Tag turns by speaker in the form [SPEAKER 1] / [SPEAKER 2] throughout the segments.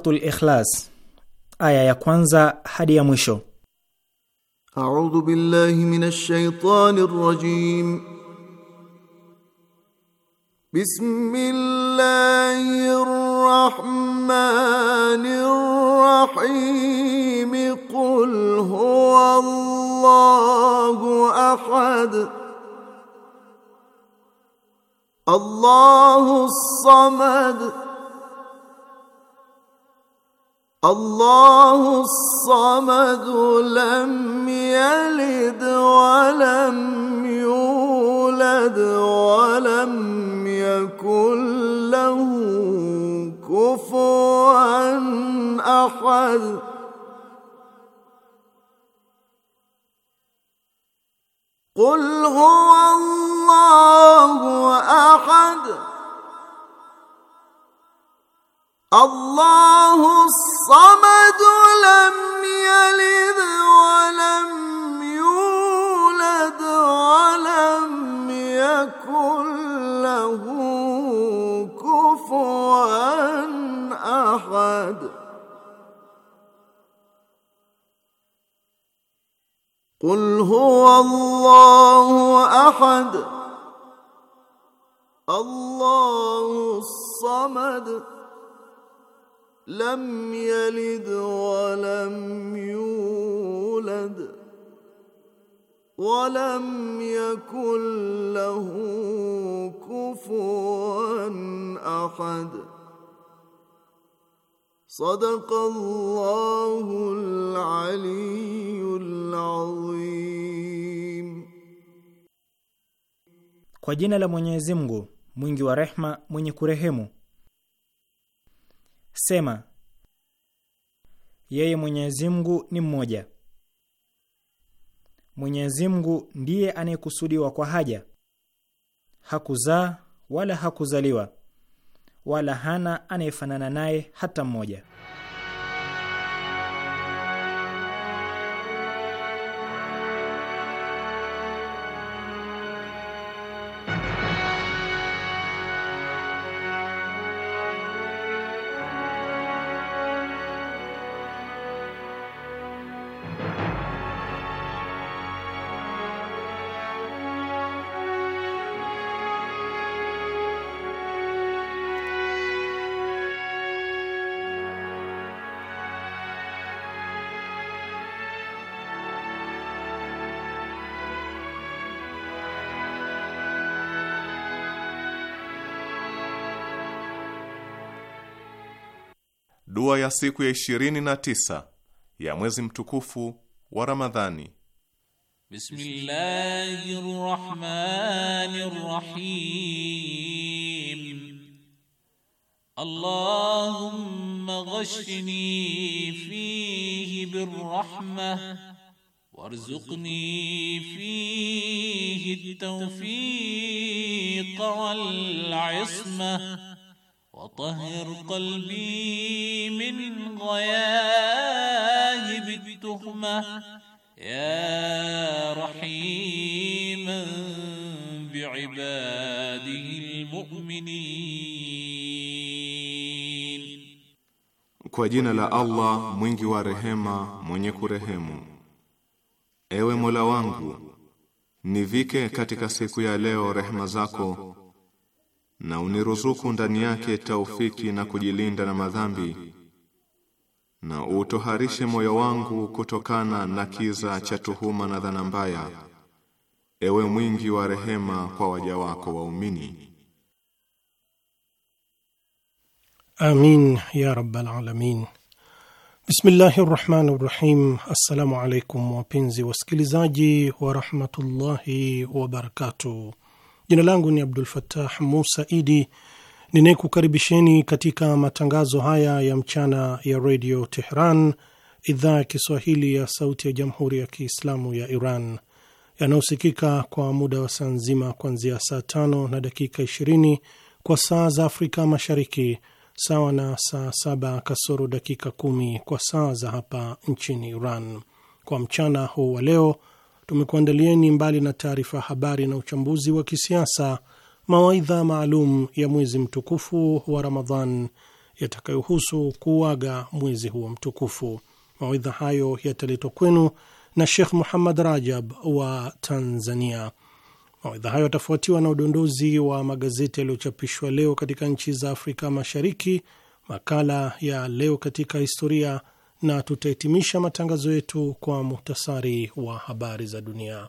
[SPEAKER 1] Suratul Ikhlas aya ya kwanza hadi ya mwisho.
[SPEAKER 2] A'udhu billahi minash shaitani rrajim. Bismillahir rahmanir rahim. Qul huwallahu ahad. Allahu samad. الله الصمد لم يلد ولم يولد ولم يكن له كفوا احد قل هو الله احد الله الصمد لم يلد ولم يولد ولم يكن له كفوا احد قل هو الله احد الله الصمد لم يلد ولم يولد ولم يكن له كفوا احد صدق الله العلي العظيم
[SPEAKER 1] kwa jina la mwenyezi mungu mwingi wa rehma mwenye kurehemu Sema, yeye Mwenyezi Mungu ni mmoja. Mwenyezi Mungu ndiye anayekusudiwa kwa haja. Hakuzaa wala hakuzaliwa, wala hana anayefanana naye hata mmoja.
[SPEAKER 3] Dua ya siku ya ishirini na tisa ya mwezi mtukufu wa Ramadhani.
[SPEAKER 2] Bismillahir Rahmanir Rahim. Allahumma ghashni fihi bir rahma warzuqni fihi at-tawfiq wal isma طهر قلبي من غياهب التهمة يا رحيما بعباده المؤمنين
[SPEAKER 1] Kwa jina la Allah mwingi wa rehema mwenye kurehemu Ewe Mola wangu nivike katika siku ya leo rehema zako na uniruzuku ndani yake taufiki na kujilinda na madhambi, na utoharishe moyo wangu kutokana na kiza cha tuhuma na dhana mbaya, ewe mwingi wa rehema kwa waja wako waumini.
[SPEAKER 4] Amin ya rabbal alamin. Bismillahi rahmani rahim. Assalamu alaikum wapenzi wasikilizaji warahmatullahi wabarakatuh. Jina langu ni Abdul fatah Musa Idi, ninayekukaribisheni katika matangazo haya ya mchana ya redio Tehran, idhaa ya Kiswahili ya sauti ya jamhuri ya Kiislamu ya Iran, yanayosikika kwa muda wa saa nzima kuanzia saa tano na dakika 20 kwa saa za Afrika Mashariki, sawa na saa saba kasoro dakika kumi kwa saa za hapa nchini Iran. Kwa mchana huu wa leo tumekuandalieni mbali na taarifa ya habari na uchambuzi wa kisiasa, mawaidha maalum ya mwezi mtukufu wa Ramadhan yatakayohusu kuuaga mwezi huo mtukufu. Mawaidha hayo yataletwa kwenu na Shekh Muhammad Rajab wa Tanzania. Mawaidha hayo yatafuatiwa na udondozi wa magazeti yaliyochapishwa leo katika nchi za Afrika Mashariki, makala ya leo katika historia na tutahitimisha matangazo yetu kwa muhtasari wa habari za dunia.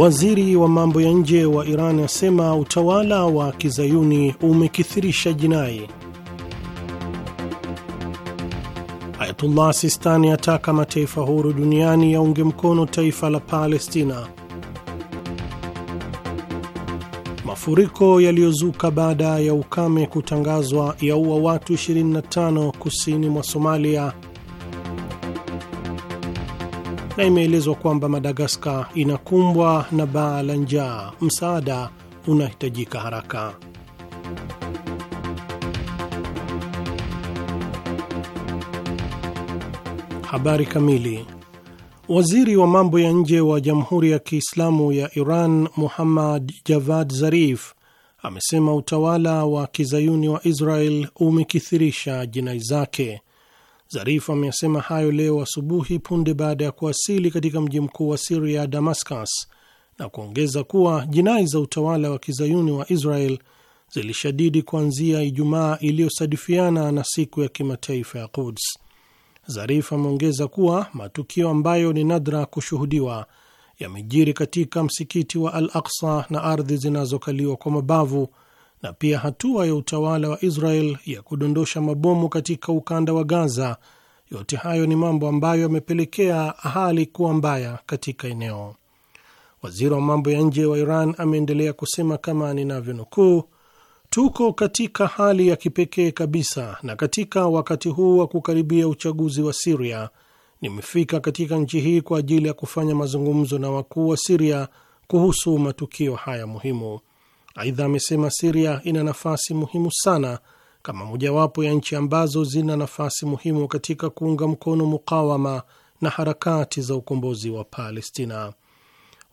[SPEAKER 4] Waziri wa mambo ya nje wa Iran asema utawala wa kizayuni umekithirisha jinai. Ayatullah Sistani ataka mataifa huru duniani yaunge mkono taifa la Palestina. Mafuriko yaliyozuka baada ya ukame kutangazwa yaua watu 25 kusini mwa Somalia na imeelezwa kwamba Madagaskar inakumbwa na baa la njaa. Msaada unahitajika haraka. Habari kamili. Waziri wa mambo ya nje wa Jamhuri ya Kiislamu ya Iran Muhammad Javad Zarif amesema utawala wa kizayuni wa Israel umekithirisha jinai zake Zarif ameasema hayo leo asubuhi punde baada ya kuwasili katika mji mkuu wa Siria, Damascus, na kuongeza kuwa jinai za utawala wa kizayuni wa Israel zilishadidi kuanzia Ijumaa iliyosadifiana na siku ya kimataifa ya Quds. Zarif ameongeza kuwa matukio ambayo ni nadra kushuhudiwa yamejiri katika msikiti wa Al Aksa na ardhi zinazokaliwa kwa mabavu na pia hatua ya utawala wa Israel ya kudondosha mabomu katika ukanda wa Gaza. Yote hayo ni mambo ambayo yamepelekea hali kuwa mbaya katika eneo. Waziri wa mambo ya nje wa Iran ameendelea kusema kama ninavyonukuu, tuko katika hali ya kipekee kabisa, na katika wakati huu wa kukaribia uchaguzi wa Siria nimefika katika nchi hii kwa ajili ya kufanya mazungumzo na wakuu wa Siria kuhusu matukio haya muhimu. Aidha amesema Siria ina nafasi muhimu sana kama mojawapo ya nchi ambazo zina nafasi muhimu katika kuunga mkono mukawama na harakati za ukombozi wa Palestina.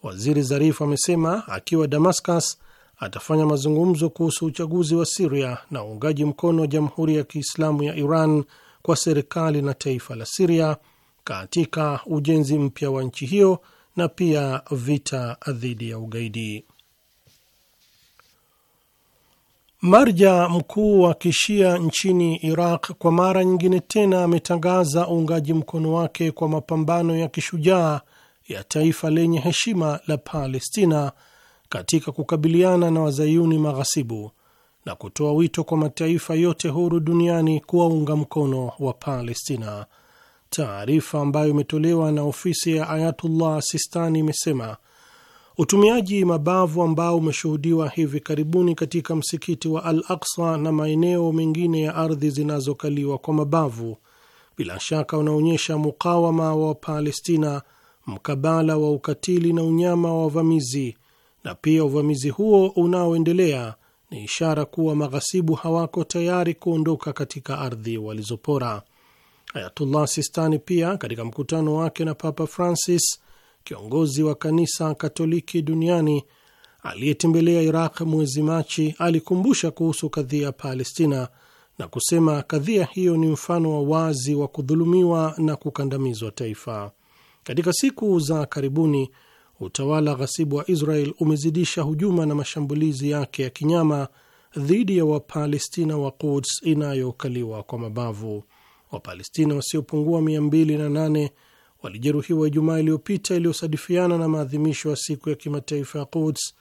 [SPEAKER 4] Waziri Zarif amesema akiwa Damascus atafanya mazungumzo kuhusu uchaguzi wa Siria na uungaji mkono wa Jamhuri ya Kiislamu ya Iran kwa serikali na taifa la Siria katika ujenzi mpya wa nchi hiyo na pia vita dhidi ya ugaidi. Marja mkuu wa kishia nchini Iraq kwa mara nyingine tena ametangaza uungaji mkono wake kwa mapambano ya kishujaa ya taifa lenye heshima la Palestina katika kukabiliana na wazayuni maghasibu na kutoa wito kwa mataifa yote huru duniani kuwaunga mkono wa Palestina. Taarifa ambayo imetolewa na ofisi ya Ayatullah Sistani imesema Utumiaji mabavu ambao umeshuhudiwa hivi karibuni katika msikiti wa Al Aksa na maeneo mengine ya ardhi zinazokaliwa kwa mabavu bila shaka unaonyesha mukawama wa Palestina mkabala wa ukatili na unyama wa wavamizi, na pia uvamizi huo unaoendelea ni ishara kuwa maghasibu hawako tayari kuondoka katika ardhi walizopora. Ayatullah Sistani pia katika mkutano wake na Papa Francis kiongozi wa kanisa Katoliki duniani aliyetembelea Iraq mwezi Machi alikumbusha kuhusu kadhia ya Palestina na kusema kadhia hiyo ni mfano wa wazi wa kudhulumiwa na kukandamizwa taifa. Katika siku za karibuni, utawala ghasibu wa Israel umezidisha hujuma na mashambulizi yake ya kinyama dhidi ya Wapalestina wa Quds inayokaliwa kwa mabavu. Wapalestina wasiopungua 208 walijeruhiwa Ijumaa iliyopita iliyosadifiana na maadhimisho ya siku ya kimataifa ya Quds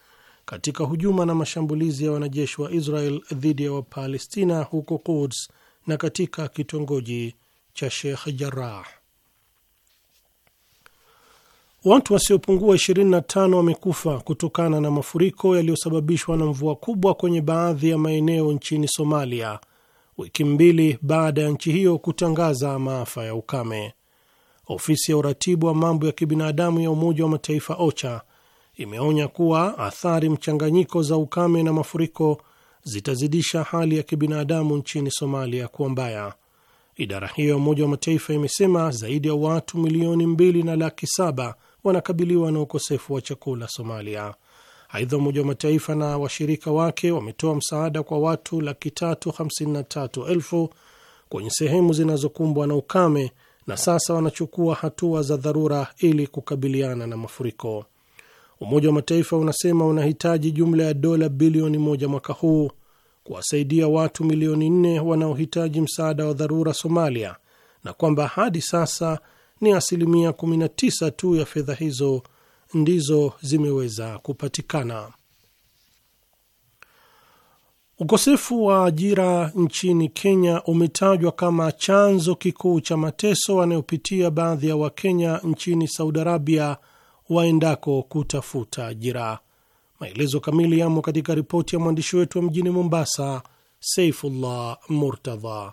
[SPEAKER 4] katika hujuma na mashambulizi ya wanajeshi wa Israel dhidi ya Wapalestina huko Quds na katika kitongoji cha Sheikh Jarrah. Watu wasiopungua 25 wamekufa kutokana na mafuriko yaliyosababishwa na mvua kubwa kwenye baadhi ya maeneo nchini Somalia wiki mbili baada ya nchi hiyo kutangaza maafa ya ukame. Ofisi ya uratibu wa mambo ya kibinadamu ya Umoja wa Mataifa OCHA imeonya kuwa athari mchanganyiko za ukame na mafuriko zitazidisha hali ya kibinadamu nchini Somalia kuwa mbaya. Idara hiyo ya Umoja wa Mataifa imesema zaidi ya watu milioni mbili na laki saba wanakabiliwa na ukosefu wa chakula Somalia. Aidha, Umoja wa Mataifa na washirika wake wametoa msaada kwa watu laki tatu hamsini na tatu elfu kwenye sehemu zinazokumbwa na ukame na sasa wanachukua hatua za dharura ili kukabiliana na mafuriko. Umoja wa Mataifa unasema unahitaji jumla ya dola bilioni moja mwaka huu kuwasaidia watu milioni nne wanaohitaji msaada wa dharura Somalia, na kwamba hadi sasa ni asilimia 19 tu ya fedha hizo ndizo zimeweza kupatikana. Ukosefu wa ajira nchini Kenya umetajwa kama chanzo kikuu cha mateso wanayopitia baadhi ya Wakenya nchini Saudi Arabia waendako kutafuta ajira. Maelezo kamili yamo katika ripoti ya mwandishi wetu wa mjini Mombasa, Saifullah Murtadha.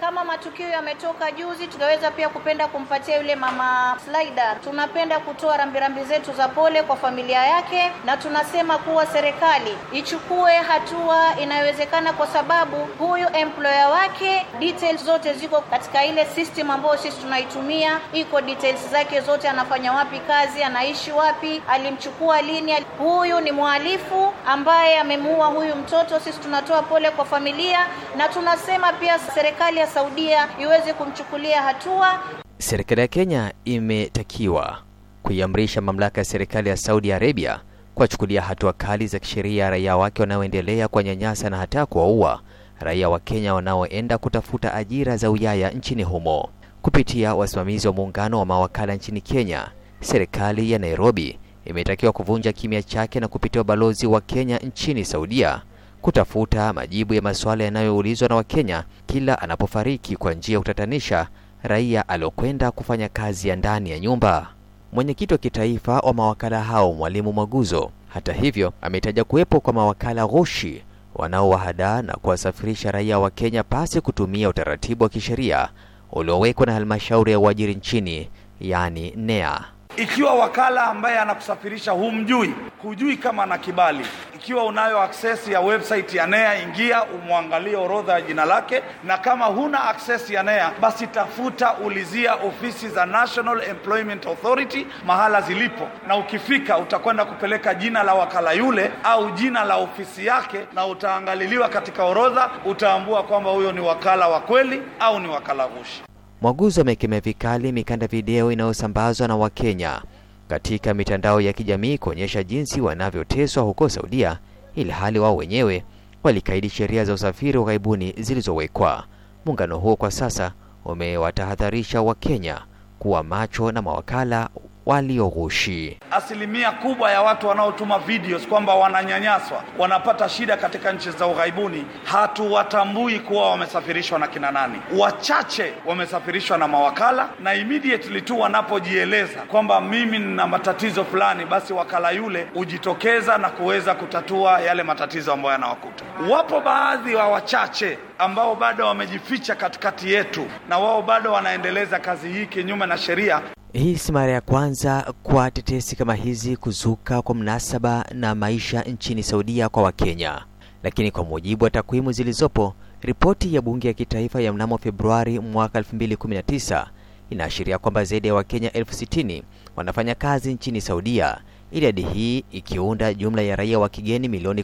[SPEAKER 1] Kama matukio yametoka juzi, tunaweza pia kupenda kumpatia yule mama slider. Tunapenda kutoa rambirambi zetu za pole kwa familia yake, na tunasema kuwa serikali ichukue hatua inayowezekana, kwa sababu huyu employer wake details zote ziko katika ile system ambayo sisi tunaitumia, iko details zake zote, anafanya wapi kazi, anaishi wapi, alimchukua lini. Huyu ni mhalifu ambaye amemuua huyu mtoto. Sisi tunatoa pole kwa familia na tunasema pia serikali ya Saudia iweze kumchukulia hatua.
[SPEAKER 5] Serikali ya Kenya imetakiwa kuiamrisha mamlaka ya serikali ya Saudi Arabia kuwachukulia hatua kali za kisheria raia wake wanaoendelea kwa nyanyasa na hata kuwaua raia wa Kenya wanaoenda kutafuta ajira za uyaya nchini humo. Kupitia wasimamizi wa muungano wa mawakala nchini Kenya, serikali ya Nairobi imetakiwa kuvunja kimya chake na kupitia balozi wa Kenya nchini Saudia kutafuta majibu ya masuala yanayoulizwa na Wakenya kila anapofariki kwa njia ya kutatanisha raia aliokwenda kufanya kazi ya ndani ya nyumba. Mwenyekiti wa kitaifa wa mawakala hao Mwalimu Mwaguzo, hata hivyo, ametaja kuwepo kwa mawakala ghushi wanaowahadaa na kuwasafirisha raia wa Kenya pasi kutumia utaratibu wa kisheria uliowekwa na halmashauri ya uajiri nchini, yaani NEA.
[SPEAKER 6] Ikiwa wakala ambaye anakusafirisha humjui, hujui kama ana kibali, ikiwa unayo access ya website ya NEA, ingia umwangalie orodha ya jina lake, na kama huna access ya NEA, basi tafuta, ulizia ofisi za National Employment Authority mahala zilipo, na ukifika utakwenda kupeleka jina la wakala yule au jina la ofisi yake, na utaangaliliwa katika orodha, utaambua kwamba huyo ni wakala wa kweli au ni wakala gushi.
[SPEAKER 5] Mwaguzi amekemea vikali mikanda video inayosambazwa na Wakenya katika mitandao ya kijamii kuonyesha jinsi wanavyoteswa huko Saudia, ili hali wao wenyewe walikaidi sheria za usafiri wa kaibuni zilizowekwa. Muungano huo kwa sasa umewatahadharisha Wakenya kuwa macho na mawakala walioghushi.
[SPEAKER 6] Asilimia kubwa ya watu wanaotuma videos kwamba wananyanyaswa, wanapata shida katika nchi za ughaibuni, hatuwatambui kuwa wamesafirishwa na kina nani. Wachache wamesafirishwa na mawakala, na immediately tu wanapojieleza kwamba mimi nina matatizo fulani, basi wakala yule hujitokeza na kuweza kutatua yale matatizo ambayo yanawakuta. Wapo baadhi wa wachache ambao bado wamejificha katikati yetu na wao bado wanaendeleza kazi hii kinyume na sheria.
[SPEAKER 5] Hii si mara ya kwanza kwa tetesi kama hizi kuzuka kwa mnasaba na maisha nchini Saudia kwa Wakenya, lakini kwa mujibu wa takwimu zilizopo, ripoti ya bunge ya kitaifa ya mnamo Februari mwaka 2019 inaashiria kwamba zaidi ya Wakenya elfu sitini wanafanya kazi nchini Saudia, idadi hii ikiunda jumla ya raia wa kigeni milioni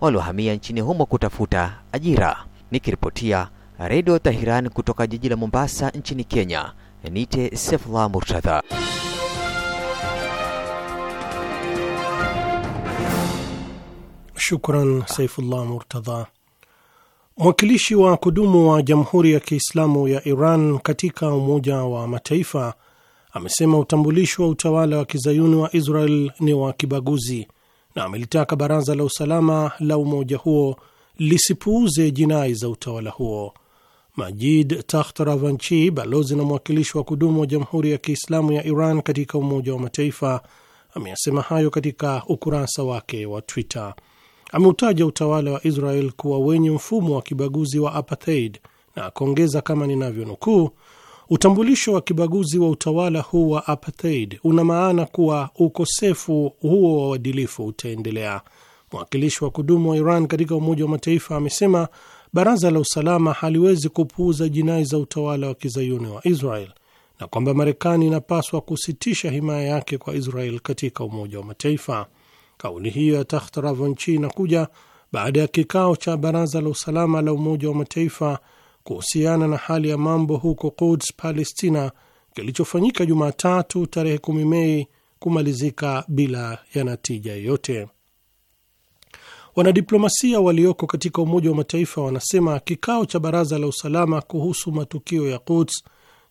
[SPEAKER 5] waliohamia nchini humo kutafuta ajira. Nikiripotia Redio Tahiran kutoka jiji la Mombasa nchini Kenya, nite Sefla Murtadha.
[SPEAKER 4] Shukran Saifullah Murtadha. Mwakilishi wa kudumu wa Jamhuri ya Kiislamu ya Iran katika Umoja wa Mataifa amesema utambulisho wa utawala wa kizayuni wa Israel ni wa kibaguzi na amelitaka baraza la usalama la umoja huo lisipuuze jinai za utawala huo. Majid Takht Ravanchi, balozi na mwakilishi wa kudumu wa Jamhuri ya Kiislamu ya Iran katika Umoja wa Mataifa, ameyasema hayo katika ukurasa wake wa Twitter. Ameutaja utawala wa Israel kuwa wenye mfumo wa kibaguzi wa apartheid na akaongeza kama ninavyonukuu, Utambulisho wa kibaguzi wa utawala huu wa apartheid una maana kuwa ukosefu huo wa uadilifu utaendelea. Mwakilishi wa kudumu wa Iran katika Umoja wa Mataifa amesema baraza la usalama haliwezi kupuuza jinai za utawala wa kizayuni wa Israel na kwamba Marekani inapaswa kusitisha himaya yake kwa Israel katika Umoja wa Mataifa. Kauli hiyo ya Takht inakuja baada ya kikao cha baraza la usalama la Umoja wa Mataifa kuhusiana na hali ya mambo huko Quds, Palestina, kilichofanyika Jumatatu tarehe 10 Mei kumalizika bila ya natija yoyote. Wanadiplomasia walioko katika Umoja wa Mataifa wanasema kikao cha Baraza la Usalama kuhusu matukio ya Quds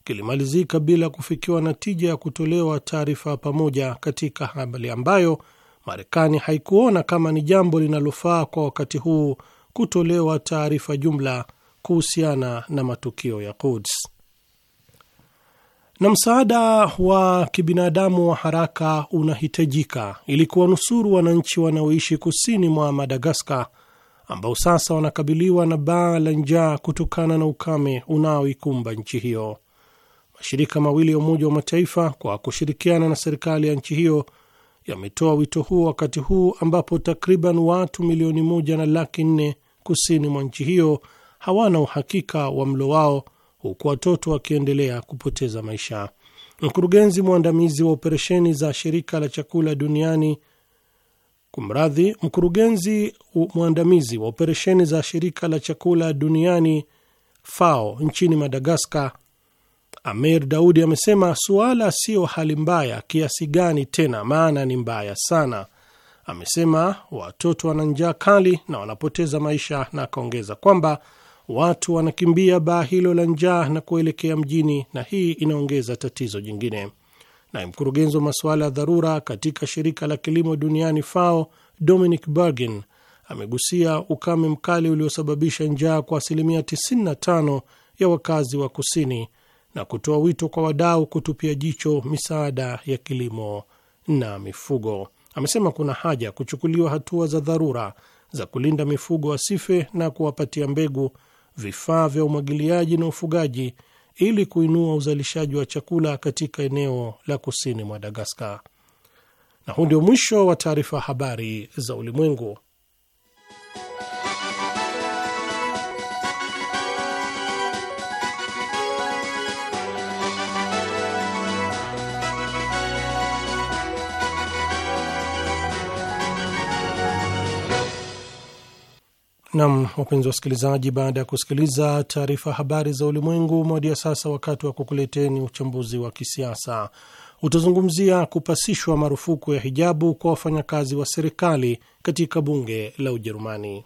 [SPEAKER 4] kilimalizika bila kufikiwa natija ya kutolewa taarifa pamoja katika hali ambayo Marekani haikuona kama ni jambo linalofaa kwa wakati huu kutolewa taarifa jumla kuhusiana na matukio ya Quds. Na msaada wa kibinadamu wa haraka unahitajika ili kuwanusuru wananchi wanaoishi kusini mwa Madagaskar ambao sasa wanakabiliwa na baa la njaa kutokana na ukame unaoikumba nchi hiyo. Mashirika mawili ya Umoja wa Mataifa kwa kushirikiana na serikali ya nchi hiyo yametoa wito huo wakati huu ambapo takriban watu milioni moja na laki nne kusini mwa nchi hiyo hawana uhakika wa mlo wao, huku watoto wakiendelea kupoteza maisha. Mkurugenzi mwandamizi wa operesheni za shirika la chakula duniani Kumradhi, mkurugenzi mwandamizi wa operesheni za shirika la chakula duniani FAO nchini Madagaskar, Amir Daudi amesema suala siyo hali mbaya kiasi gani tena, maana ni mbaya sana. Amesema watoto wana njaa kali na wanapoteza maisha, na akaongeza kwamba watu wanakimbia baa hilo la njaa na kuelekea mjini, na hii inaongeza tatizo jingine. Naye mkurugenzi wa masuala ya dharura katika shirika la kilimo duniani FAO, Dominic Bergin, amegusia ukame mkali uliosababisha njaa kwa asilimia 95 ya wakazi wa kusini na kutoa wito kwa wadau kutupia jicho misaada ya kilimo na mifugo. Amesema kuna haja ya kuchukuliwa hatua za dharura za kulinda mifugo wasife na kuwapatia mbegu vifaa vya umwagiliaji na ufugaji ili kuinua uzalishaji wa chakula katika eneo la kusini mwa Madagaskar. Na huu ndio mwisho wa taarifa habari za ulimwengu. Nam, wapenzi wasikilizaji, baada ya kusikiliza taarifa habari za ulimwengu, moja sasa wakati wa kukuleteni uchambuzi wa kisiasa utazungumzia kupasishwa marufuku ya hijabu kwa wafanyakazi wa serikali katika bunge la Ujerumani.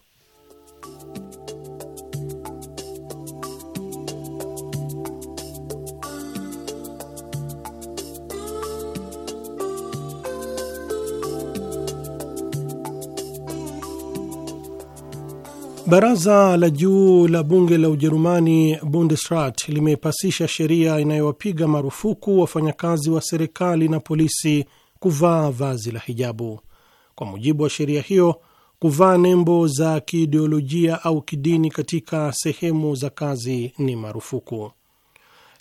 [SPEAKER 4] Baraza la juu la bunge la Ujerumani, Bundesrat, limepasisha sheria inayowapiga marufuku wafanyakazi wa serikali na polisi kuvaa vazi la hijabu. Kwa mujibu wa sheria hiyo, kuvaa nembo za kiideolojia au kidini katika sehemu za kazi ni marufuku.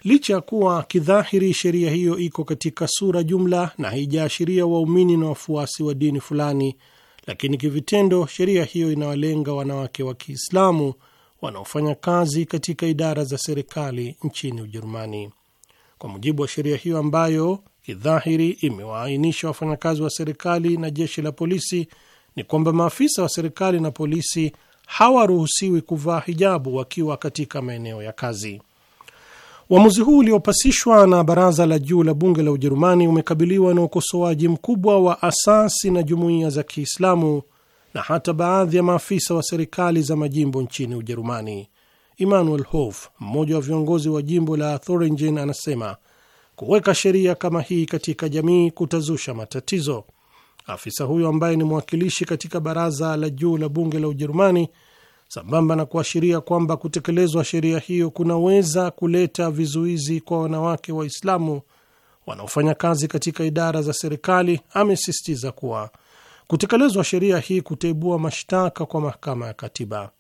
[SPEAKER 4] Licha ya kuwa kidhahiri sheria hiyo iko katika sura jumla na haijaashiria waumini na wafuasi wa dini fulani lakini kivitendo sheria hiyo inawalenga wanawake wa Kiislamu wanaofanya kazi katika idara za serikali nchini Ujerumani. Kwa mujibu wa sheria hiyo ambayo kidhahiri imewaainisha wafanyakazi wa serikali na jeshi la polisi, ni kwamba maafisa wa serikali na polisi hawaruhusiwi kuvaa hijabu wakiwa katika maeneo ya kazi. Uamuzi huu uliopasishwa na baraza la juu la bunge la Ujerumani umekabiliwa na ukosoaji mkubwa wa asasi na jumuiya za Kiislamu na hata baadhi ya maafisa wa serikali za majimbo nchini Ujerumani. emmanuel Hof, mmoja wa viongozi wa jimbo la Thuringen, anasema kuweka sheria kama hii katika jamii kutazusha matatizo. Afisa huyo ambaye ni mwakilishi katika baraza la juu la bunge la Ujerumani sambamba na kuashiria kwamba kutekelezwa sheria hiyo kunaweza kuleta vizuizi kwa wanawake Waislamu wanaofanya kazi katika idara za serikali. Amesisitiza kuwa kutekelezwa sheria hii kutaibua mashtaka kwa mahakama ya katiba.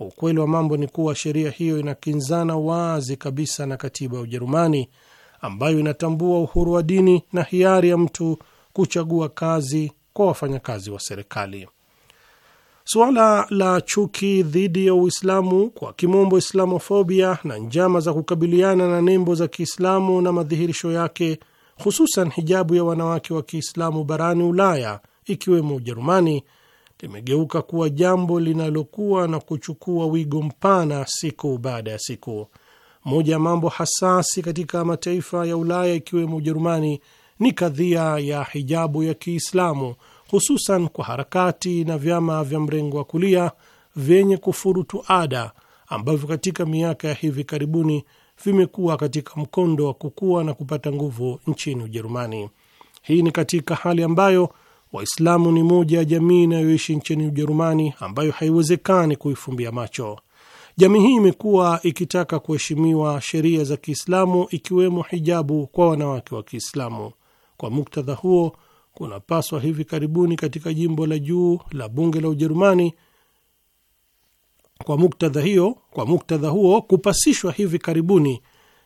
[SPEAKER 4] Ukweli wa mambo ni kuwa sheria hiyo inakinzana wazi kabisa na katiba ya Ujerumani ambayo inatambua uhuru wa dini na hiari ya mtu kuchagua kazi kwa wafanyakazi wa serikali. Suala la chuki dhidi ya Uislamu, kwa kimombo islamofobia, na njama za kukabiliana na nembo za Kiislamu na madhihirisho yake, hususan hijabu ya wanawake wa Kiislamu barani Ulaya, ikiwemo Ujerumani, limegeuka kuwa jambo linalokuwa na kuchukua wigo mpana siku baada ya siku. Moja ya mambo hasasi katika mataifa ya Ulaya ikiwemo Ujerumani ni kadhia ya hijabu ya Kiislamu hususan kwa harakati na vyama vya mrengo wa kulia vyenye kufurutu ada ambavyo katika miaka ya hivi karibuni vimekuwa katika mkondo wa kukua na kupata nguvu nchini Ujerumani. Hii ni katika hali ambayo Waislamu ni moja ya jamii inayoishi nchini Ujerumani ambayo haiwezekani kuifumbia macho. Jamii hii imekuwa ikitaka kuheshimiwa sheria za Kiislamu ikiwemo hijabu kwa wanawake wa Kiislamu. Kwa muktadha huo kunapaswa hivi karibuni katika jimbo la juu la bunge la Ujerumani. Kwa muktadha hiyo, kwa muktadha huo kupasishwa hivi karibuni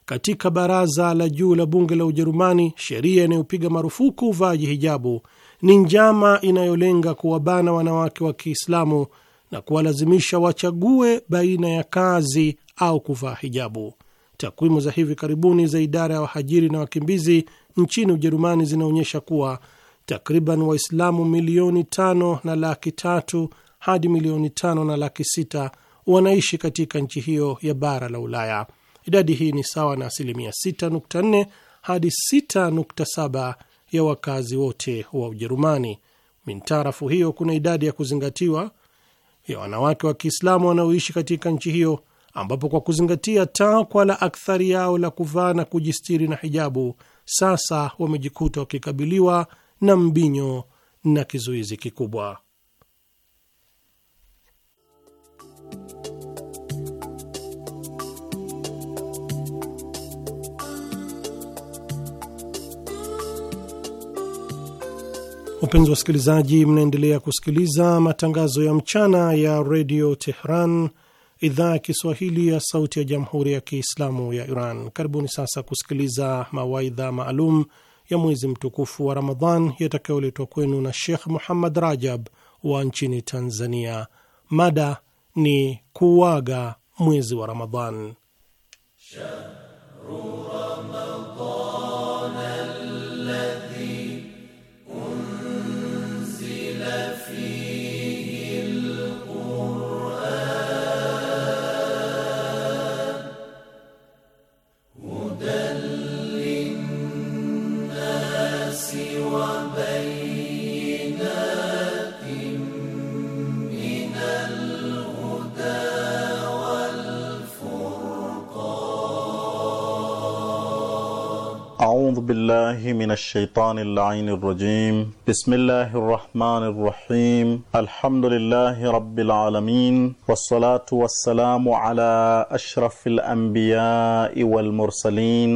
[SPEAKER 4] katika baraza la juu la bunge la Ujerumani sheria inayopiga marufuku uvaaji hijabu ni njama inayolenga kuwabana wanawake wa Kiislamu na kuwalazimisha wachague baina ya kazi au kuvaa hijabu. Takwimu za hivi karibuni za idara ya wahajiri na wakimbizi nchini Ujerumani zinaonyesha kuwa takriban Waislamu milioni tano na laki tatu hadi milioni tano na laki sita wanaishi katika nchi hiyo ya bara la Ulaya. Idadi hii ni sawa na asilimia 6.4 hadi 6.7 ya wakazi wote wa Ujerumani. Mintarafu hiyo kuna idadi ya kuzingatiwa ya wanawake wa Kiislamu wanaoishi katika nchi hiyo, ambapo kwa kuzingatia takwa la akthari yao la kuvaa na kujistiri na hijabu, sasa wamejikuta wakikabiliwa na mbinyo na kizuizi kikubwa. Wapenzi wasikilizaji, mnaendelea kusikiliza matangazo ya mchana ya redio Tehran, idhaa ya Kiswahili ya sauti ya jamhuri ya Kiislamu ya Iran. Karibuni sasa kusikiliza mawaidha maalum ya mwezi mtukufu wa Ramadhan yatakayoletwa kwenu na Shekh Muhammad Rajab wa nchini Tanzania. Mada ni kuuaga mwezi wa Ramadhan.
[SPEAKER 3] أعوذ بالله من الشيطان اللعين الرجيم بسم الله الرحمن الرحيم الحمد لله رب العالمين والصلاة والسلام على أشرف الأنبياء والمرسلين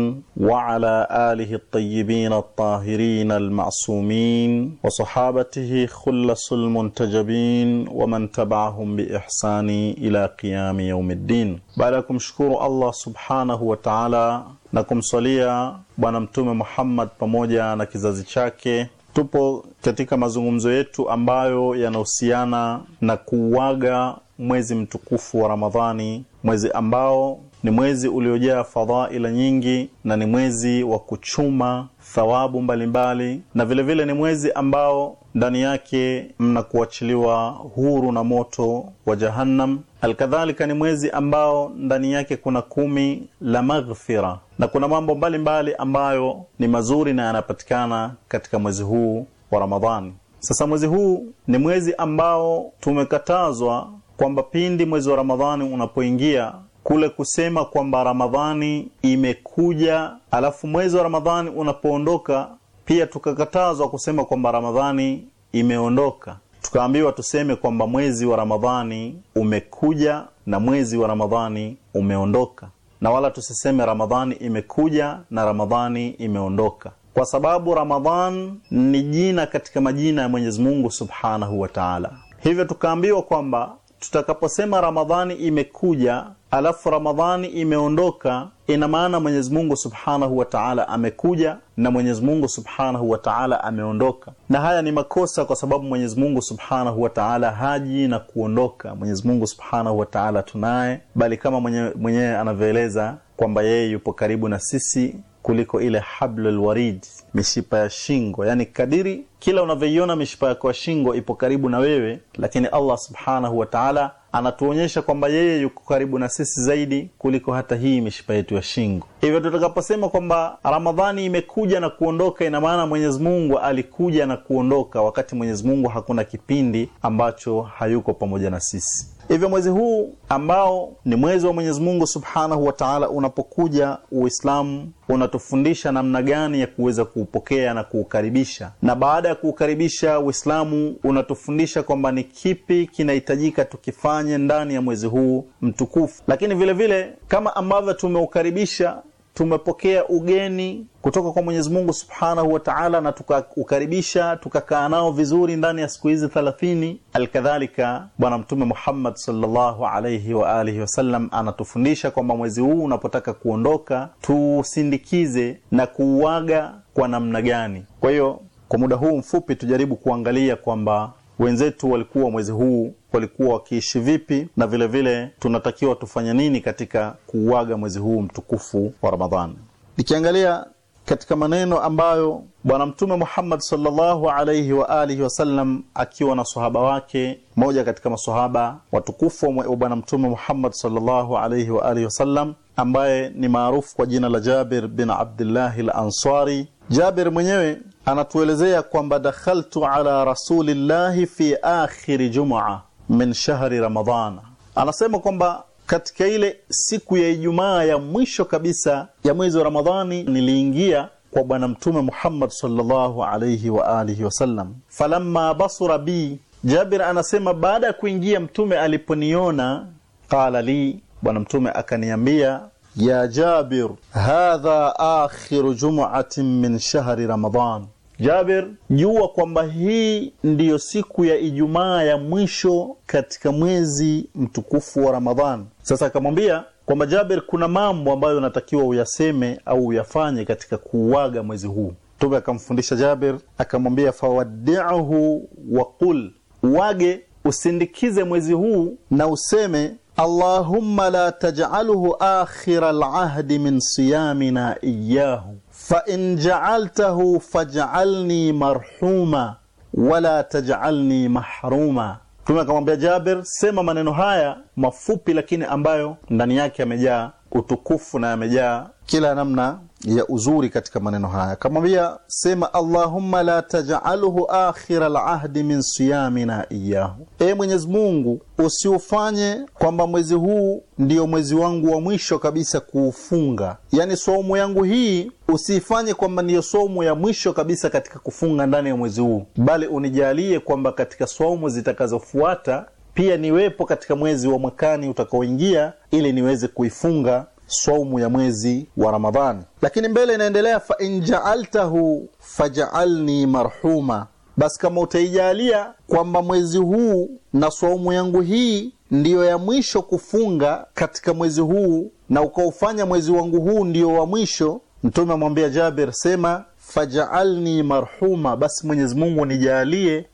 [SPEAKER 3] وعلى آله الطيبين الطاهرين المعصومين وصحابته خلص المنتجبين ومن تبعهم بإحسان إلى قيام يوم الدين بعدكم شكور الله سبحانه وتعالى نكم صليا Bwana Mtume Muhammad pamoja na kizazi chake. Tupo katika mazungumzo yetu ambayo yanahusiana na kuuaga mwezi mtukufu wa Ramadhani, mwezi ambao ni mwezi uliojaa fadhaila nyingi na ni mwezi wa kuchuma thawabu mbalimbali mbali, na vilevile vile ni mwezi ambao ndani yake mnakuachiliwa huru na moto wa Jahannam. Alkadhalika ni mwezi ambao ndani yake kuna kumi la maghfira, na kuna mambo mbalimbali mbali ambayo ni mazuri na yanapatikana katika mwezi huu wa Ramadhani. Sasa mwezi huu ni mwezi ambao tumekatazwa kwamba pindi mwezi wa Ramadhani unapoingia kule kusema kwamba Ramadhani imekuja, alafu mwezi wa Ramadhani unapoondoka pia tukakatazwa kusema kwamba Ramadhani imeondoka, tukaambiwa tuseme kwamba mwezi wa Ramadhani umekuja na mwezi wa Ramadhani umeondoka, na wala tusiseme Ramadhani imekuja na Ramadhani imeondoka, kwa sababu Ramadhan ni jina katika majina ya Mwenyezi Mungu Subhanahu wa Ta'ala. Hivyo tukaambiwa kwamba tutakaposema Ramadhani imekuja alafu Ramadhani imeondoka, ina maana Mwenyezi Mungu Subhanahu wa Ta'ala amekuja na Mwenyezi Mungu Subhanahu wa Ta'ala ameondoka. Na haya ni makosa, kwa sababu Mwenyezi Mungu Subhanahu wa Ta'ala haji na kuondoka. Mwenyezi Mungu Subhanahu wa Ta'ala tunaye, bali kama mwenyewe mwenye anavyoeleza kwamba yeye yupo karibu na sisi kuliko ile hablul warid, mishipa ya shingo. Yani kadiri kila unavyoiona mishipa yako ya shingo ipo karibu na wewe, lakini Allah Subhanahu wa Ta'ala anatuonyesha kwamba yeye yuko karibu na sisi zaidi kuliko hata hii mishipa yetu ya shingo Hivyo tutakaposema kwamba Ramadhani imekuja na kuondoka, ina maana Mwenyezi Mungu alikuja na kuondoka, wakati Mwenyezi Mungu hakuna kipindi ambacho hayuko pamoja na sisi. Hivyo mwezi huu ambao ni mwezi wa Mwenyezi Mungu Subhanahu wa Ta'ala, unapokuja Uislamu unatufundisha namna gani ya kuweza kuupokea na kuukaribisha, na baada ya kuukaribisha Uislamu unatufundisha kwamba ni kipi kinahitajika tukifanye ndani ya mwezi huu mtukufu, lakini vile vile kama ambavyo tumeukaribisha tumepokea ugeni kutoka kwa Mwenyezi Mungu Subhanahu wa Ta'ala, na tukaukaribisha tukakaa nao vizuri ndani ya siku hizi 30. Alkadhalika, Bwana Mtume Muhammad sallallahu alayhi wa alihi wasallam anatufundisha kwamba mwezi huu unapotaka kuondoka, tusindikize na kuuaga kwa namna gani. Kwa hiyo kwa muda huu mfupi tujaribu kuangalia kwamba wenzetu walikuwa mwezi huu walikuwa wakiishi vipi, na vile vile tunatakiwa tufanye nini katika kuuaga mwezi huu mtukufu wa Ramadhani. Nikiangalia katika maneno ambayo Bwana Mtume Muhammad sallallahu alaihi wa alihi wasallam akiwa na sahaba wake mmoja katika masahaba watukufu wa Bwana Mtume Muhammad sallallahu alaihi wa alihi wasallam ambaye ni maarufu kwa jina la Jabir bin Abdillahi l ansari Jabir mwenyewe anatuelezea kwamba dakhaltu ala rasulillahi fi akhiri jumua min shahri ramadana, anasema kwamba katika ile siku ya Ijumaa ya mwisho kabisa ya mwezi wa Ramadhani niliingia kwa Bwana Mtume Muhammad sallallahu alayhi wa alihi wasallam. Falamma basura bi, Jabir anasema baada ya kuingia Mtume aliponiona, qala li, Bwana Mtume akaniambia يا جابر hadha akhiru jumuatin min shahri Ramadan. Jabir, jua kwamba hii ndiyo siku ya Ijumaa ya mwisho katika mwezi mtukufu wa Ramadhan. Sasa akamwambia kwamba Jabir, kuna mambo ambayo unatakiwa uyaseme au uyafanye katika kuuaga mwezi huu. Mtume akamfundisha Jabir, akamwambia fawaddiuhu wa qul, uwage usindikize mwezi huu na useme allahumma la تجعله akhira العهد min siyamina iyahu fain جعلته fajcalni marhuma wala tajalni mahruma. Mtume akamwambia Jabir, sema maneno haya mafupi, lakini ambayo ndani yake yamejaa utukufu na yamejaa kila namna ya uzuri katika maneno haya akamwambia sema allahumma la tajalhu akhira lahdi min siyamina iyahu e mwenyezi mungu usiufanye kwamba mwezi huu ndiyo mwezi wangu wa mwisho kabisa kuufunga yani somo yangu hii usiifanye kwamba ndiyo somu ya mwisho kabisa katika kufunga ndani ya mwezi huu bali unijalie kwamba katika somu zitakazofuata pia niwepo katika mwezi wa mwakani utakaoingia ili niweze kuifunga saumu ya mwezi wa Ramadhani. Lakini mbele inaendelea, fa in jaaltahu fajaalni marhuma, basi kama utaijalia kwamba mwezi huu na saumu yangu hii ndiyo ya mwisho kufunga katika mwezi huu na ukaufanya mwezi wangu huu ndiyo wa mwisho, Mtume amwambia Jabir, sema fajaalni marhuma, basi Mwenyezi Mungu niwe,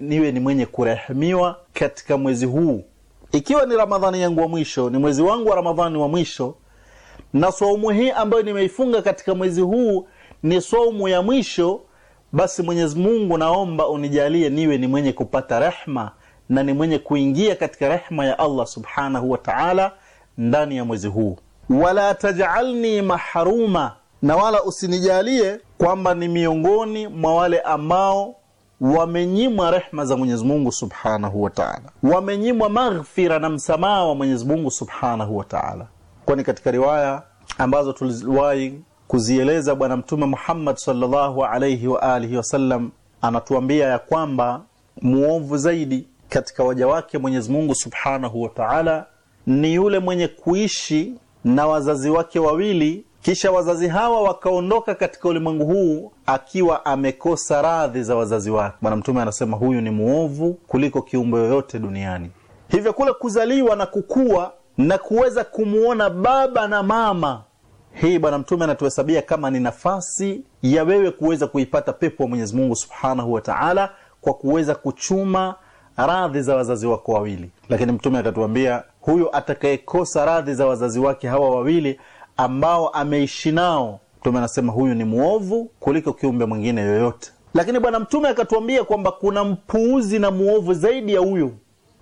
[SPEAKER 3] niwe ni mwenye kurehemiwa katika mwezi huu, ikiwa ni Ramadhani yangu wa mwisho, ni mwezi wangu wa Ramadhani wa mwisho, na saumu hii ambayo nimeifunga katika mwezi huu ni saumu ya mwisho, basi Mwenyezi Mungu naomba unijalie niwe ni mwenye kupata rehma na ni mwenye kuingia katika rehma ya Allah subhanahu wa ta'ala ndani ya mwezi huu. Wala tajalni mahruma, na wala usinijalie kwamba ni miongoni mwa wale ambao wamenyimwa rehma za Mwenyezi Mungu subhanahu wa ta'ala, wamenyimwa maghfira na msamaha wa Mwenyezi Mungu subhanahu wa ta'ala kwani katika riwaya ambazo tuliwahi kuzieleza bwana mtume Muhammad sallallahu alayhi wa alihi wasallam anatuambia ya kwamba muovu zaidi katika waja wake Mwenyezi Mungu Subhanahu wa Ta'ala ni yule mwenye kuishi na wazazi wake wawili kisha wazazi hawa wakaondoka katika ulimwengu huu akiwa amekosa radhi za wazazi wake. Bwana Mtume anasema huyu ni muovu kuliko kiumbe yoyote duniani. Hivyo kule kuzaliwa na kukua na kuweza kumwona baba na mama. Hii Bwana Mtume anatuhesabia kama ni nafasi ya wewe kuweza kuipata pepo ya Mwenyezi Mungu subhanahu wa taala kwa kuweza kuchuma radhi za wazazi wako wawili. Lakini Mtume akatuambia huyo atakayekosa radhi za wazazi wake hawa wawili ambao ameishi nao, Mtume anasema huyu ni mwovu kuliko kiumbe mwingine yoyote. Lakini Bwana Mtume akatuambia kwamba kuna mpuuzi na mwovu zaidi ya huyu,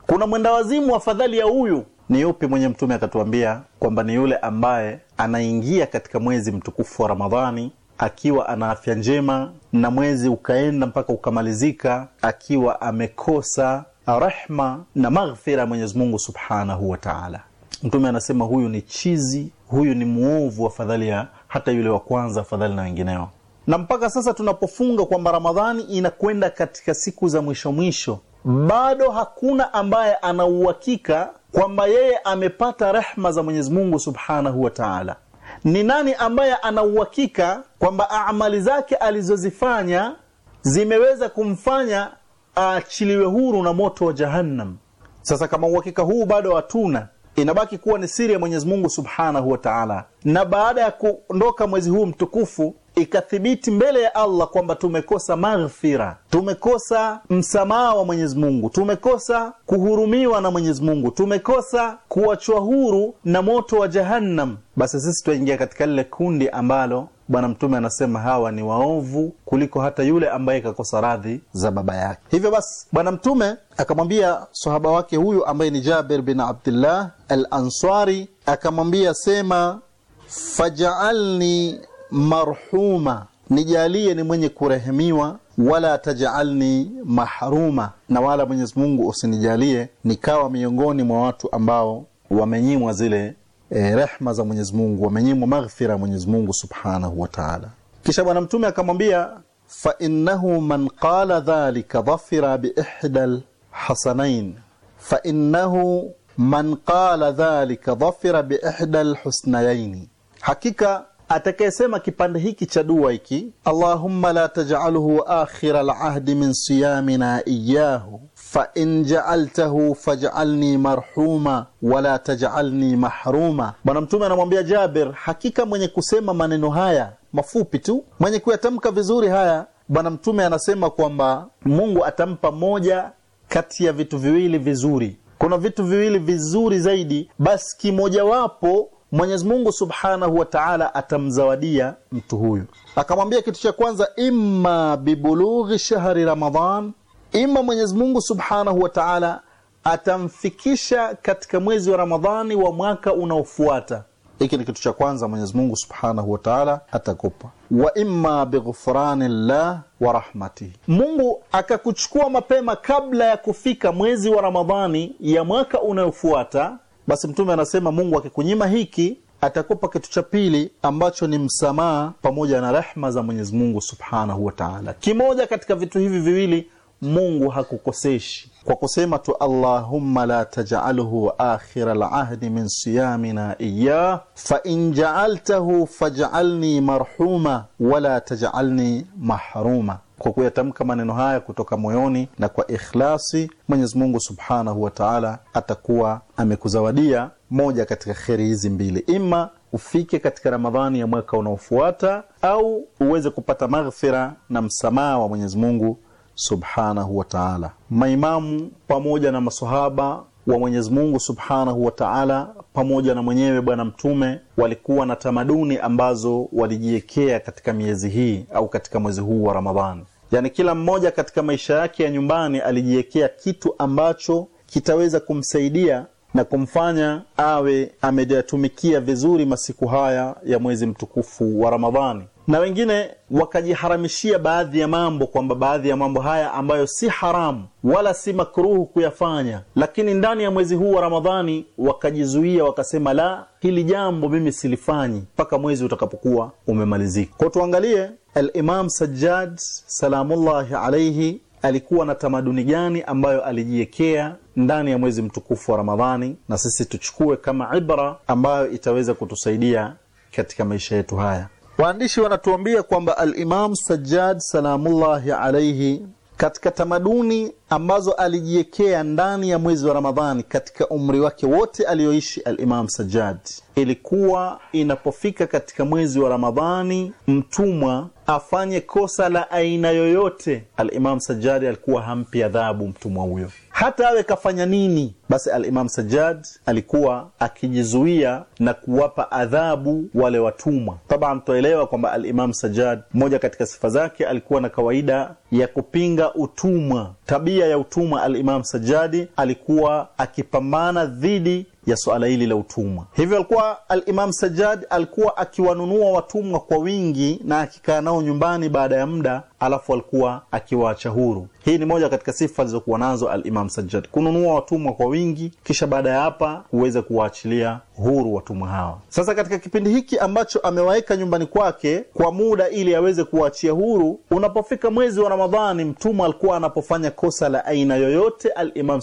[SPEAKER 3] kuna mwendawazimu afadhali ya huyu ni yupi mwenye mtume akatuambia kwamba ni yule ambaye anaingia katika mwezi mtukufu wa ramadhani akiwa ana afya njema na mwezi ukaenda mpaka ukamalizika akiwa amekosa rehma na maghfira ya mwenyezimungu subhanahu wa taala mtume anasema huyu ni chizi huyu ni mwovu fadhali ya hata yule wa kwanza afadhali na wengineo na mpaka sasa tunapofunga kwamba ramadhani inakwenda katika siku za mwisho mwisho bado hakuna ambaye ana uhakika kwamba yeye amepata rehma za Mwenyezi Mungu Subhanahu wa Ta'ala. Ni nani ambaye ana uhakika kwamba amali zake alizozifanya zimeweza kumfanya aachiliwe huru na moto wa Jahannam? Sasa kama uhakika huu bado hatuna, inabaki kuwa ni siri ya Mwenyezi Mungu Subhanahu wa Ta'ala. Na baada ya kuondoka mwezi huu mtukufu ikathibiti mbele ya Allah kwamba tumekosa maghfira, tumekosa msamaha wa Mwenyezi Mungu, tumekosa kuhurumiwa na Mwenyezi Mungu, tumekosa kuachwa huru na moto wa Jahannam, basi sisi twaingia katika lile kundi ambalo Bwana Mtume anasema hawa ni waovu kuliko hata yule ambaye kakosa radhi za baba yake. Hivyo basi, Bwana Mtume akamwambia sahaba wake huyu ambaye ni Jabir bin Abdullah al-Ansari, akamwambia sema, faj'alni marhuma, nijalie ni mwenye kurehemiwa, wala tajalni mahruma, na wala Mwenyezi Mungu usinijalie nikawa miongoni mwa watu ambao wamenyimwa zile e, rehma za Mwenyezi Mungu, wamenyimwa maghfira ya Mwenyezi Mungu subhanahu wa taala. Kisha Bwana Mtume akamwambia fa innahu man qala dhalika dhafira biihda lhasanain fa innahu man qala dhalika dhafira biihda lhusnayaini, hakika atakayesema kipande hiki cha dua hiki, Allahumma la taj'alhu akhira al min siyamina iyyahu fa in ja'altahu faj'alni marhuma wala taj'alni mahruma. Bwana Mtume anamwambia Jabir, hakika mwenye kusema maneno haya mafupi tu, mwenye kuyatamka vizuri haya, Bwana Mtume anasema kwamba Mungu atampa moja kati ya vitu viwili vizuri. Kuna vitu viwili vizuri zaidi, basi kimojawapo Mwenyezi Mungu Subhanahu wa Ta'ala atamzawadia mtu huyu. Akamwambia kitu cha kwanza, imma bibulughi shahri Ramadhan, imma Mwenyezi Mungu Subhanahu wa Ta'ala atamfikisha katika mwezi wa Ramadhani wa mwaka unaofuata. Hiki ni kitu cha kwanza Mwenyezi Mungu Subhanahu wa Ta'ala atakupa. Wa imma bighufranillah wa rahmatihi, Mungu akakuchukua mapema kabla ya kufika mwezi wa Ramadhani ya mwaka unaofuata basi mtume anasema mungu akikunyima hiki atakupa kitu cha pili ambacho ni msamaha pamoja na rehma za mwenyezi mungu subhanahu wa taala kimoja katika vitu hivi viwili mungu hakukoseshi kwa kusema tu allahumma la tajalhu akhira lahdi min siyamina iyah fain jaaltahu fajalni marhuma wala tajalni mahruma kwa kuyatamka maneno haya kutoka moyoni na kwa ikhlasi, Mwenyezi Mungu subhanahu wa taala atakuwa amekuzawadia moja katika kheri hizi mbili, ima ufike katika Ramadhani ya mwaka unaofuata au uweze kupata maghfira na msamaha wa Mwenyezi Mungu subhanahu wa taala. Maimamu pamoja na masahaba wa Mwenyezi Mungu subhanahu wa taala pamoja na mwenyewe Bwana Mtume walikuwa na tamaduni ambazo walijiwekea katika miezi hii au katika mwezi huu wa Ramadhani. Yaani kila mmoja katika maisha yake ya nyumbani alijiwekea kitu ambacho kitaweza kumsaidia na kumfanya awe amejatumikia vizuri masiku haya ya mwezi mtukufu wa Ramadhani na wengine wakajiharamishia baadhi ya mambo, kwamba baadhi ya mambo haya ambayo si haramu wala si makruhu kuyafanya, lakini ndani ya mwezi huu wa Ramadhani wakajizuia, wakasema la, hili jambo mimi silifanyi mpaka mwezi utakapokuwa umemalizika. Kwa tuangalie Al-Imam Sajjad salamullahi alayhi alikuwa na tamaduni gani ambayo alijiekea ndani ya mwezi mtukufu wa Ramadhani, na sisi tuchukue kama ibra ambayo itaweza kutusaidia katika maisha yetu haya. Waandishi wanatuambia kwamba Al-Imam Sajjad salamullahi alaihi, katika tamaduni ambazo alijiekea ndani ya mwezi wa Ramadhani katika umri wake wote aliyoishi Al-Imam Sajjad, ilikuwa inapofika katika mwezi wa Ramadhani, mtumwa afanye kosa la aina yoyote, alimamu sajadi alikuwa hampi adhabu mtumwa huyo, hata awe kafanya nini. Basi alimamu Sajad alikuwa akijizuia na kuwapa adhabu wale watumwa. Taban, tuelewa kwamba alimamu Sajad, mmoja katika sifa zake, alikuwa na kawaida ya kupinga utumwa, tabia ya utumwa. alimamu sajadi alikuwa akipambana dhidi ya swala hili la utumwa. Hivyo alikuwa al-Imam Sajjad alikuwa akiwanunua watumwa kwa wingi na akikaa nao nyumbani, baada ya muda alafu alikuwa akiwaacha huru. Hii ni moja katika sifa alizokuwa nazo alimam imam Sajjad, kununua watumwa kwa wingi, kisha baada ya hapa huweze kuwaachilia huru watumwa hawa. Sasa katika kipindi hiki ambacho amewaweka nyumbani kwake kwa muda ili aweze kuwaachia huru, unapofika mwezi wa Ramadhani, mtumwa alikuwa anapofanya kosa la aina yoyote, Al-Imam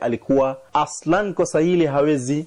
[SPEAKER 3] alikuwa aslan kosa hili hawezi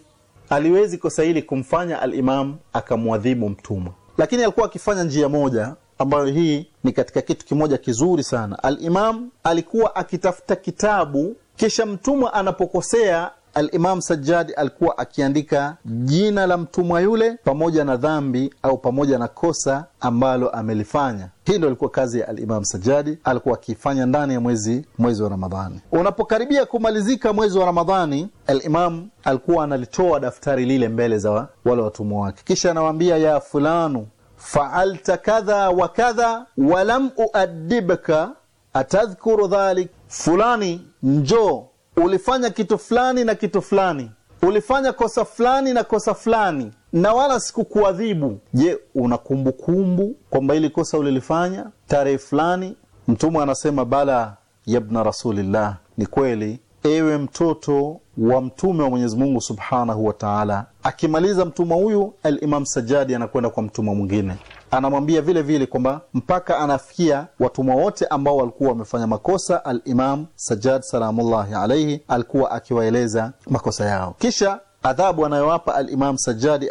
[SPEAKER 3] aliwezi kosa hili kumfanya Alimam akamwadhibu mtumwa, lakini alikuwa akifanya njia moja ambayo hii ni katika kitu kimoja kizuri sana. Alimam alikuwa akitafuta kitabu, kisha mtumwa anapokosea Alimam Sajjadi alikuwa akiandika jina la mtumwa yule pamoja na dhambi au pamoja na kosa ambalo amelifanya. Hii ndo ilikuwa kazi ya Alimam Sajjadi, alikuwa akiifanya ndani ya mwezi mwezi wa Ramadhani. Unapokaribia kumalizika mwezi wa Ramadhani, Alimam alikuwa analitoa daftari lile mbele za wale watumwa wake, kisha anawaambia ya fulanu fa'alta kadha wa kadha walam uaddibka atadhkuru dhalik fulani njoo ulifanya kitu fulani na kitu fulani ulifanya kosa fulani na kosa fulani na wala sikukuadhibu je una kumbukumbu kwamba ili kosa ulilifanya tarehe fulani mtumwa anasema bala yabna rasulillah ni kweli ewe mtoto wa mtume wa Mwenyezi Mungu Subhanahu wa Ta'ala. Akimaliza mtumwa huyu, al-Imam Sajjadi anakwenda kwa mtumwa mwingine, anamwambia vile vile kwamba mpaka anafikia watumwa wote ambao walikuwa wamefanya makosa. Al-Imam Sajjad salamullahi alayhi alikuwa akiwaeleza makosa yao, kisha adhabu anayowapa al-Imam Sajjadi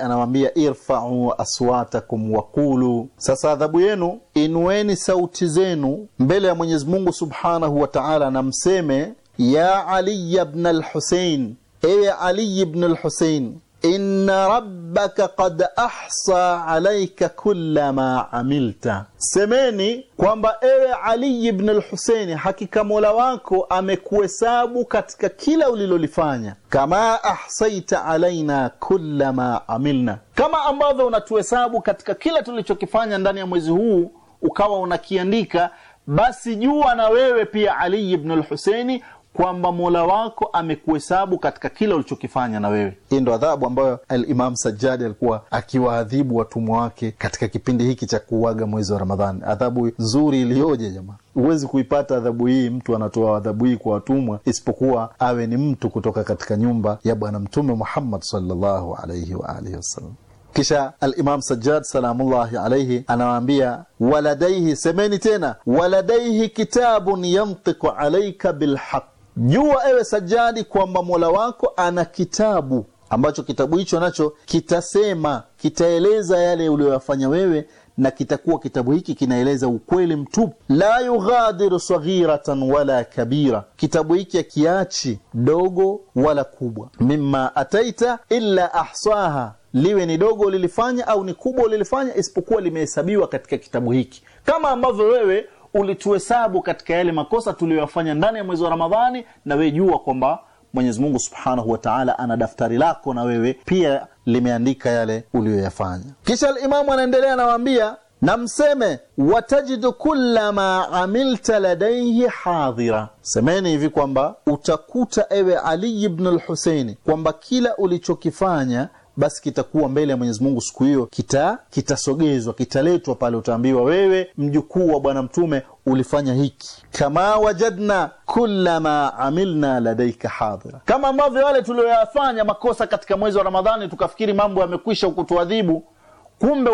[SPEAKER 3] irfa'u aswatakum wa qulu, sasa adhabu yenu, inueni sauti zenu mbele ya Mwenyezi Mungu Subhanahu wa Ta'ala na mseme ya Ali bn al ewe aliy bn lhusein husayn inna rabbaka qad ahsa alaika kulla ma amilta, semeni kwamba ewe Ali bn lhuseini hakika Mola wako amekuhesabu katika kila ulilolifanya. Kama ahsaita alaina kulla ma amilna, kama ambavyo unatuhesabu katika kila tulichokifanya ndani ya mwezi huu ukawa unakiandika basi jua na wewe pia aliy ibn al kwamba Mola wako amekuhesabu katika kila ulichokifanya na wewe. Hii ndo adhabu ambayo Alimam sajadi alikuwa akiwaadhibu watumwa wake katika kipindi hiki cha kuuaga mwezi wa Ramadhani. Adhabu nzuri iliyoje jamaa! Huwezi kuipata adhabu hii, mtu anatoa adhabu hii kwa watumwa isipokuwa awe ni mtu kutoka katika nyumba ya Bwana Mtume Muhammad sallallahu alaihi wa alihi wasallam. Kisha Alimam Sajjad salamullahi alaihi anawaambia waladaihi, semeni tena, waladaihi kitabun yantiku alaika bilhaq Jua ewe Sajadi kwamba Mola wako ana kitabu ambacho kitabu hicho nacho kitasema, kitaeleza yale uliyoyafanya wewe, na kitakuwa kitabu hiki kinaeleza ukweli mtupu. La yughadiru saghiratan wala kabira, kitabu hiki akiachi dogo wala kubwa. Mimma ataita illa ahsaha, liwe ni dogo ulilifanya au ni kubwa ulilifanya isipokuwa limehesabiwa katika kitabu hiki, kama ambavyo wewe ulituhesabu katika yale makosa tuliyoyafanya ndani ya mwezi wa Ramadhani, na wewe jua kwamba Mwenyezi Mungu Subhanahu wa Ta'ala ana daftari lako na wewe pia limeandika yale uliyoyafanya. Kisha al-Imamu anaendelea anawaambia, na mseme watajidu kulla ma amilta ladayhi hadhira, semeni hivi kwamba utakuta ewe Ali ibn al-Husaini kwamba kila ulichokifanya basi kitakuwa mbele ya Mwenyezi Mungu siku hiyo, kita kitasogezwa, kitaletwa pale, utaambiwa wewe, mjukuu wa Bwana Mtume, ulifanya hiki. Kama wajadna kula ma amilna ladaika hadhira, kama ambavyo wale tulioyafanya makosa katika mwezi wa Ramadhani tukafikiri mambo yamekwisha, ukutuadhibu, kumbe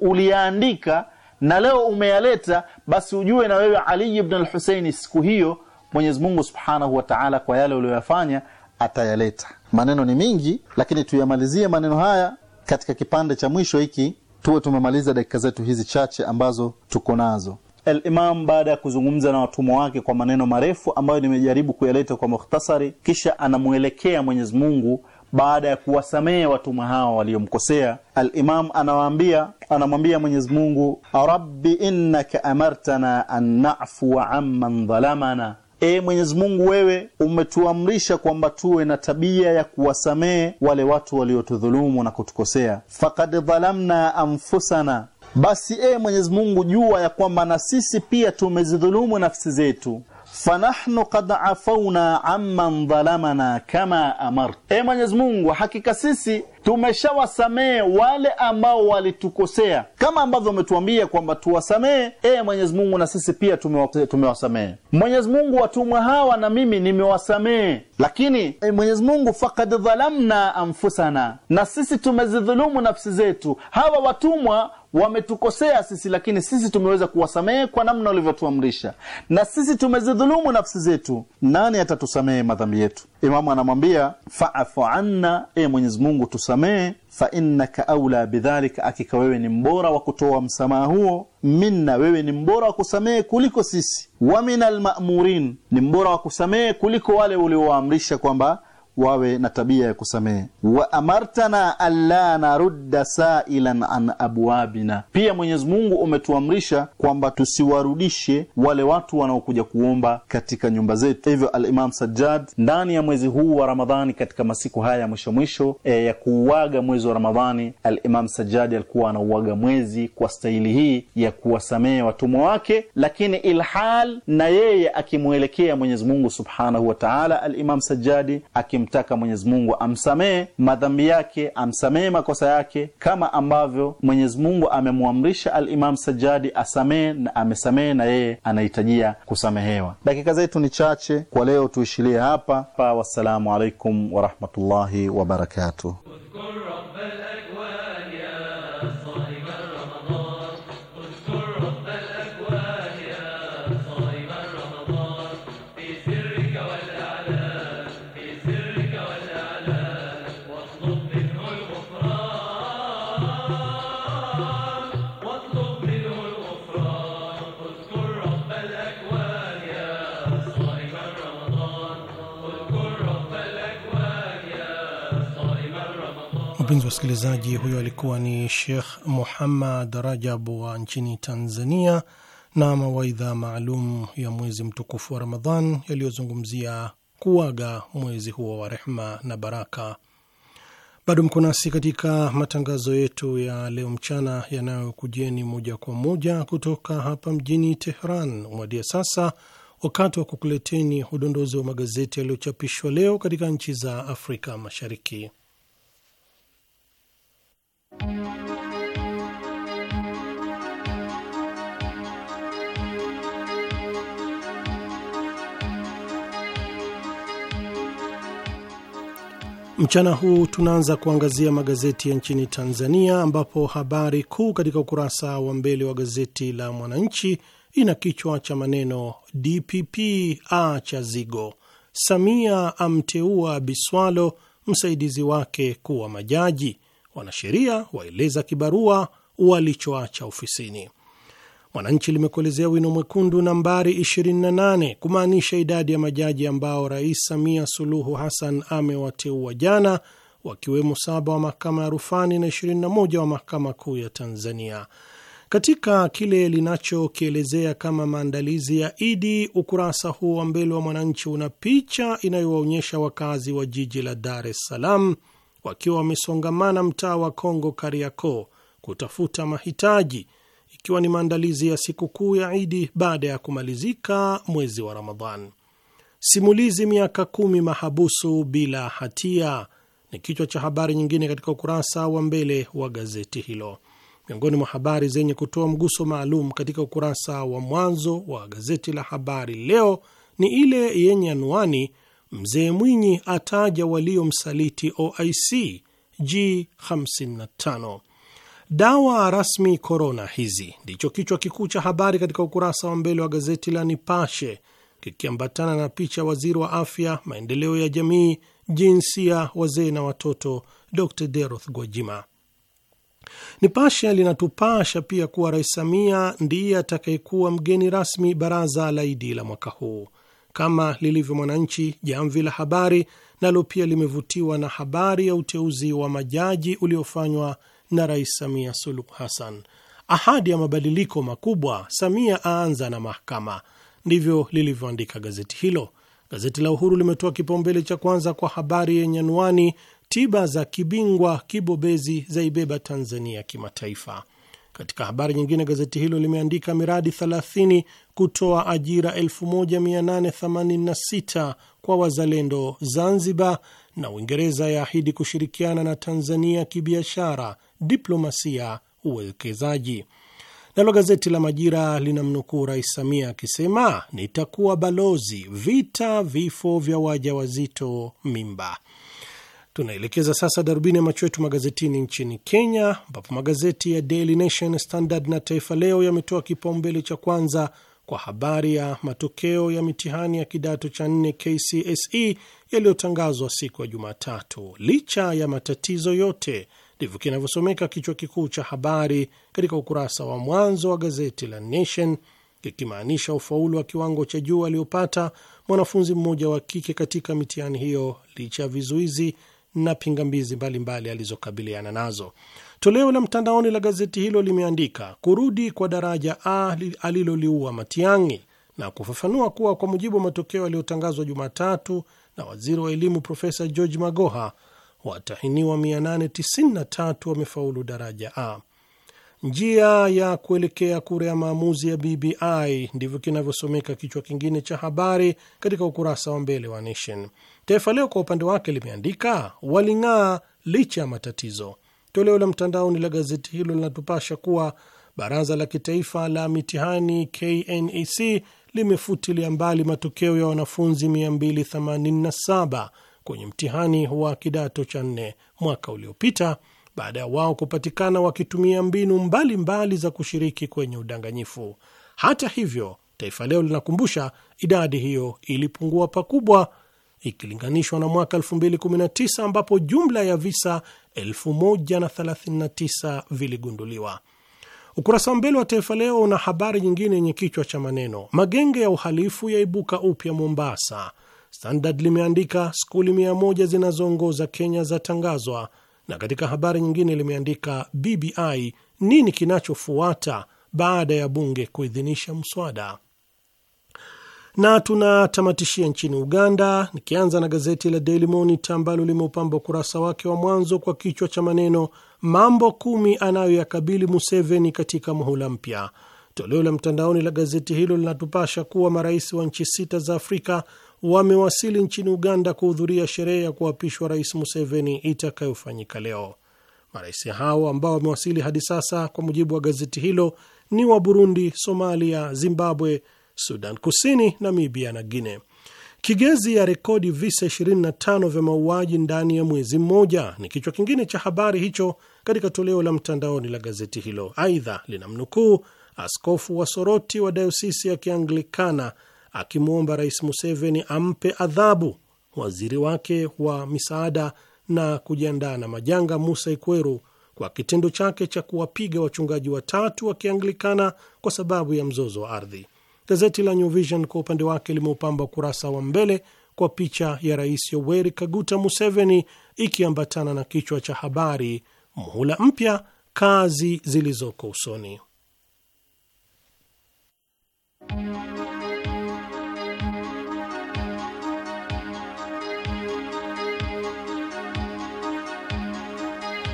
[SPEAKER 3] uliyaandika na leo umeyaleta, basi ujue na wewe Ali ibn al siku hiyo Mwenyezi Mungu Subhanahu wa Ta'ala, kwa yale uliyoyafanya atayaleta. Maneno ni mingi, lakini tuyamalizie maneno haya katika kipande cha mwisho hiki, tuwe tumemaliza dakika zetu hizi chache ambazo tuko nazo. Al-Imam baada ya kuzungumza na watumwa wake kwa maneno marefu ambayo nimejaribu kuyaleta kwa mukhtasari, kisha anamwelekea Mwenyezi Mungu baada ya kuwasamehe watumwa hao waliomkosea, Al-Imam anawaambia, anamwambia Mwenyezi Mungu, rabbi innaka amartana an na'fu amman dhalamana Ee Mwenyezi Mungu, wewe umetuamrisha kwamba tuwe na tabia ya kuwasamehe wale watu waliotudhulumu na kutukosea. Fakad dhalamna anfusana, basi ee Mwenyezi Mungu, jua ya kwamba na sisi pia tumezidhulumu nafsi zetu fanahnu qad afauna amman dhalamana kama amart. E Mwenyezi Mungu, hakika sisi tumeshawasamehe wale ambao walitukosea kama ambavyo umetuambia kwamba tuwasamehe. E Mwenyezi Mungu, na sisi pia tumewasamehe. Mwenyezi Mungu, watumwa hawa na mimi nimewasamehe, lakini e Mwenyezi Mungu, faqad dhalamna anfusana, na sisi tumezidhulumu nafsi zetu. Hawa watumwa wametukosea sisi, lakini sisi tumeweza kuwasamehe kwa namna ulivyotuamrisha, na sisi tumezidhulumu nafsi zetu, nani atatusamehe madhambi yetu? Imamu anamwambia faafu anna, e Mwenyezi Mungu tusamehe, fa innaka aula bidhalika, akika wewe ni mbora wa kutoa msamaha huo, minna, wewe ni mbora wa kusamehe kuliko sisi, wa min almamurin, ni mbora wa kusamehe kuliko wale uliowaamrisha kwamba wawe na tabia ya kusamehe. Wa amartana alla narudda sailan an abwabina, pia Mwenyezi Mungu umetuamrisha kwamba tusiwarudishe wale watu wanaokuja kuomba katika nyumba zetu. Hivyo Alimam Sajjad ndani ya mwezi huu wa Ramadhani, katika masiku haya ya mwisho mwisho e, ya kuuaga mwezi wa Ramadhani, Alimam sajadi alikuwa anauaga mwezi kwa staili hii ya kuwasamehe watumwa wake, lakini ilhal na yeye akimwelekea Mwenyezi Mungu subhanahu wataala, Alimam Sajjadi akim akimtaka Mwenyezi Mungu amsamehe madhambi yake, amsamehe makosa yake, kama ambavyo Mwenyezi Mungu amemwamrisha Alimamu sajadi asamehe na amesamehe, na yeye anahitajia kusamehewa. Dakika zetu ni chache kwa leo, tuishilie hapa pa. Wassalamu alaikum warahmatullahi wabarakatuh.
[SPEAKER 4] Wapenzi wasikilizaji, huyo alikuwa ni shekh Muhammad Rajabu wa nchini Tanzania na mawaidha maalum ya mwezi mtukufu wa Ramadhan yaliyozungumzia kuaga mwezi huo wa rehma na baraka. Bado mko nasi katika matangazo yetu ya leo mchana yanayokujieni moja kwa moja kutoka hapa mjini Tehran. Umewadia sasa wakati wa kukuleteni udondozi wa magazeti yaliyochapishwa leo katika nchi za Afrika Mashariki. Mchana huu tunaanza kuangazia magazeti ya nchini Tanzania, ambapo habari kuu katika ukurasa wa mbele wa gazeti la Mwananchi ina kichwa cha maneno DPP acha zigo, Samia amteua Biswalo msaidizi wake kuwa majaji wanasheria waeleza kibarua walichoacha ofisini. Mwananchi limekuelezea wino mwekundu nambari 28 kumaanisha idadi ya majaji ambao Rais Samia Suluhu Hassan amewateua jana, wakiwemo saba wa mahakama ya rufani na 21 wa mahakama kuu ya Tanzania. Katika kile linachokielezea kama maandalizi ya Idi, ukurasa huo wa mbele wa Mwananchi una picha inayowaonyesha wakazi wa jiji la Dar es Salaam wakiwa wamesongamana mtaa wa Kongo Kariakoo kutafuta mahitaji, ikiwa ni maandalizi ya sikukuu ya Idi baada ya kumalizika mwezi wa Ramadhan. Simulizi miaka kumi mahabusu bila hatia ni kichwa cha habari nyingine katika ukurasa wa mbele wa gazeti hilo. Miongoni mwa habari zenye kutoa mguso maalum katika ukurasa wa mwanzo wa gazeti la Habari Leo ni ile yenye anwani Mzee Mwinyi ataja waliomsaliti OIC G55. Dawa rasmi korona hizi, ndicho kichwa kikuu cha habari katika ukurasa wa mbele wa gazeti la Nipashe, kikiambatana na picha waziri wa afya, maendeleo ya jamii, jinsia, wazee na watoto, Dr deroth Gwajima. Nipashe linatupasha pia kuwa Rais Samia ndiye atakayekuwa mgeni rasmi baraza la Idi la mwaka huu. Kama lilivyo Mwananchi, Jamvi la Habari nalo pia limevutiwa na habari ya uteuzi wa majaji uliofanywa na Rais Samia Suluhu Hassan. Ahadi ya mabadiliko makubwa, Samia aanza na mahakama, ndivyo lilivyoandika gazeti hilo. Gazeti la Uhuru limetoa kipaumbele cha kwanza kwa habari yenye anwani tiba za kibingwa kibobezi zaibeba Tanzania kimataifa. Katika habari nyingine, gazeti hilo limeandika miradi 30 kutoa ajira 1886 kwa wazalendo Zanzibar, na Uingereza yaahidi kushirikiana na Tanzania kibiashara, diplomasia, uwekezaji. Nalo gazeti la Majira linamnukuu Rais Samia akisema nitakuwa balozi vita vifo vya waja wazito mimba. Tunaelekeza sasa darubini ya macho yetu magazetini nchini Kenya, ambapo magazeti ya Daily Nation, Standard na Taifa Leo yametoa kipaumbele cha kwanza kwa habari ya matokeo ya mitihani ya kidato cha nne KCSE yaliyotangazwa siku ya Jumatatu. Licha ya matatizo yote, ndivyo kinavyosomeka kichwa kikuu cha habari katika ukurasa wa mwanzo wa gazeti la Nation, kikimaanisha ufaulu wa kiwango cha juu aliyopata mwanafunzi mmoja wa kike katika mitihani hiyo licha ya vizuizi na pingamizi mbalimbali alizokabiliana nazo. Toleo la mtandaoni la gazeti hilo limeandika kurudi kwa daraja A aliloliua Matiang'i na kufafanua kuwa kwa mujibu wa matokeo yaliyotangazwa Jumatatu na waziri wa elimu Profesa George Magoha, watahiniwa 893 wamefaulu daraja A. Njia ya kuelekea kura ya maamuzi ya BBI, ndivyo kinavyosomeka kichwa kingine cha habari katika ukurasa wa mbele wa Nation. Taifa Leo kwa upande wake limeandika waling'aa licha ya matatizo. Toleo la mtandaoni la gazeti hilo linatupasha kuwa baraza la kitaifa la mitihani KNEC limefutilia mbali matokeo ya wanafunzi 287 kwenye mtihani wa kidato cha nne mwaka uliopita baada ya wao kupatikana wakitumia mbinu mbalimbali mbali za kushiriki kwenye udanganyifu. Hata hivyo, Taifa Leo linakumbusha idadi hiyo ilipungua pakubwa ikilinganishwa na mwaka 2019 ambapo jumla ya visa 1039 viligunduliwa. Ukurasa wa mbele wa Taifa Leo una habari nyingine yenye kichwa cha maneno magenge ya uhalifu yaibuka upya Mombasa. Standard limeandika skuli 1 zinazoongoza Kenya zatangazwa, na katika habari nyingine limeandika BBI nini kinachofuata baada ya bunge kuidhinisha mswada na tunatamatishia nchini Uganda, nikianza na gazeti la Daily Monitor ambalo limeupamba ukurasa wake wa mwanzo kwa kichwa cha maneno mambo kumi anayoyakabili Museveni katika muhula mpya. Toleo la mtandaoni la gazeti hilo linatupasha kuwa marais wa nchi sita za Afrika wamewasili nchini Uganda kuhudhuria sherehe ya kuapishwa Rais Museveni itakayofanyika leo. Marais hao ambao wamewasili hadi sasa, kwa mujibu wa gazeti hilo, ni wa Burundi, Somalia, Zimbabwe, Sudan Kusini, Namibia na guine Kigezi ya rekodi visa 25 vya mauaji ndani ya mwezi mmoja ni kichwa kingine cha habari hicho katika toleo la mtandaoni la gazeti hilo. Aidha linamnukuu askofu wa Soroti wa dayosisi ya Kianglikana akimwomba Rais Museveni ampe adhabu waziri wake wa misaada na kujiandaa na majanga Musa Ikweru kwa kitendo chake cha kuwapiga wachungaji watatu wa Kianglikana kwa sababu ya mzozo wa ardhi. Gazeti la New Vision kwa upande wake limeupamba ukurasa wa mbele kwa picha ya Rais Yoweri Kaguta Museveni ikiambatana na kichwa cha habari, muhula mpya, kazi zilizoko usoni.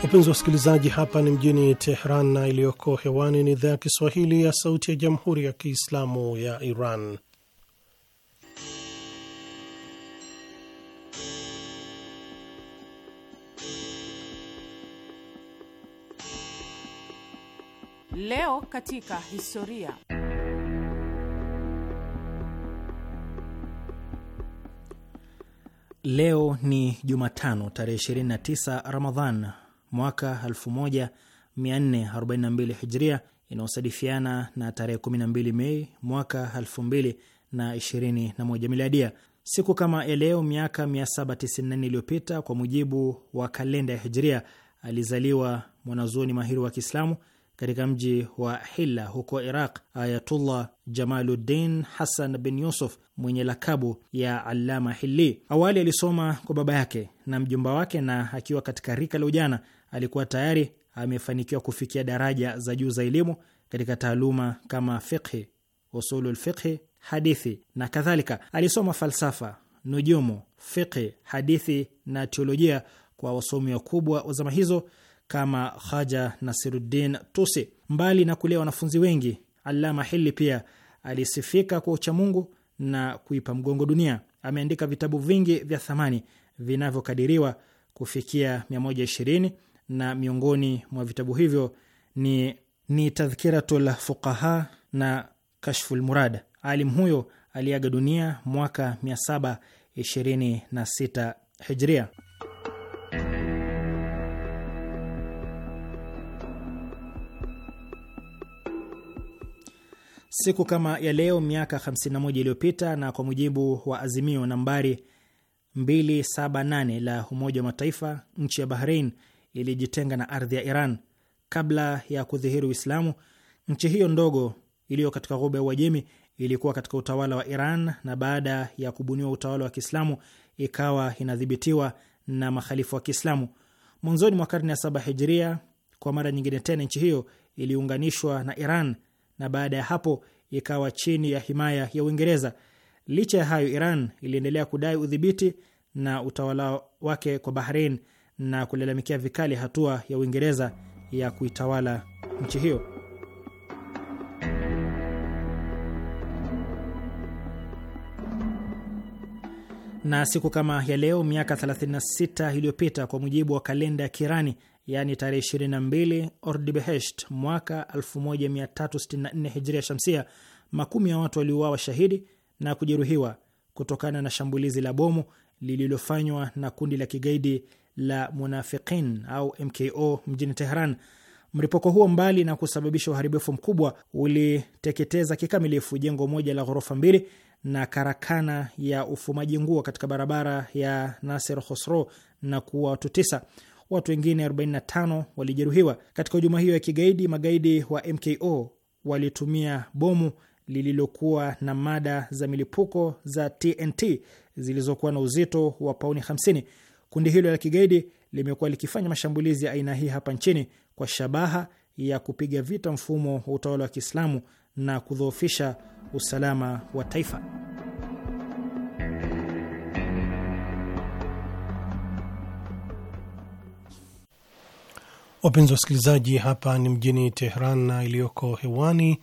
[SPEAKER 4] Wapenzi wasikilizaji, hapa ni mjini teheran na iliyoko hewani ni idhaa ya Kiswahili ya Sauti ya Jamhuri ya Kiislamu ya Iran.
[SPEAKER 5] Leo katika historia.
[SPEAKER 1] Leo ni Jumatano tarehe 29 Ramadhan mwaka 1442 hijria inayosadifiana na tarehe 12 Mei mwaka 2021 miladia. Siku kama eleo miaka 794 iliyopita kwa mujibu wa kalenda ya hijria, alizaliwa mwanazuoni mahiri wa Kiislamu katika mji wa Hilla huko Iraq, Ayatullah Jamaluddin Hassan bin Yusuf mwenye lakabu ya Allama Hilli. Awali alisoma kwa baba yake na mjomba wake, na akiwa katika rika la ujana alikuwa tayari amefanikiwa kufikia daraja za juu za elimu katika taaluma kama fiqhi, usulul fiqhi, hadithi na kadhalika. Alisoma falsafa, nujumu, fiqhi, hadithi na teolojia kwa wasomi wakubwa wa zama hizo kama Haja Nasiruddin Tusi. Mbali na kulea wanafunzi wengi, Allama Hili pia alisifika kwa uchamungu na kuipa mgongo dunia. Ameandika vitabu vingi vya thamani vinavyokadiriwa kufikia 120 na miongoni mwa vitabu hivyo ni, ni Tadhkiratul Fuqaha na Kashful Murad. Alim huyo aliaga dunia mwaka 726 Hijria. Siku kama ya leo miaka 51 iliyopita, na kwa mujibu wa azimio nambari 278 la Umoja wa Mataifa, nchi ya Bahrain ilijitenga na ardhi ya Iran. Kabla ya kudhihiri Uislamu, nchi hiyo ndogo iliyo katika ghuba ya Uajemi ilikuwa katika utawala wa Iran, na baada ya kubuniwa utawala wa Kiislamu ikawa inadhibitiwa na makhalifu wa Kiislamu. Mwanzoni mwa karne ya saba Hijria, kwa mara nyingine tena nchi hiyo iliunganishwa na Iran na baada ya hapo ikawa chini ya himaya ya Uingereza. Licha ya hayo, Iran iliendelea kudai udhibiti na utawala wake kwa Bahrein na kulalamikia vikali hatua ya Uingereza ya kuitawala nchi hiyo. Na siku kama ya leo miaka 36 iliyopita kwa mujibu wa kalenda ya Kirani, yaani tarehe 22 Ordibehesht mwaka 1364 Hijria Shamsia, makumi ya watu waliuawa shahidi na kujeruhiwa kutokana na shambulizi la bomu lililofanywa na kundi la kigaidi la Munafiqin au MKO mjini teheran Mlipuko huo mbali na kusababisha uharibifu mkubwa, uliteketeza kikamilifu jengo moja la ghorofa mbili na karakana ya ufumaji nguo katika barabara ya Nasir Khosro na kuua watu tisa. Watu wengine 45 walijeruhiwa katika hujuma hiyo ya kigaidi. Magaidi wa MKO walitumia bomu lililokuwa na mada za milipuko za TNT zilizokuwa na uzito wa pauni 50. Kundi hilo la kigaidi limekuwa likifanya mashambulizi ya aina hii hapa nchini kwa shabaha ya kupiga vita mfumo wa utawala wa Kiislamu na kudhoofisha usalama wa taifa.
[SPEAKER 4] Wapenzi wasikilizaji, hapa ni mjini Teheran na iliyoko hewani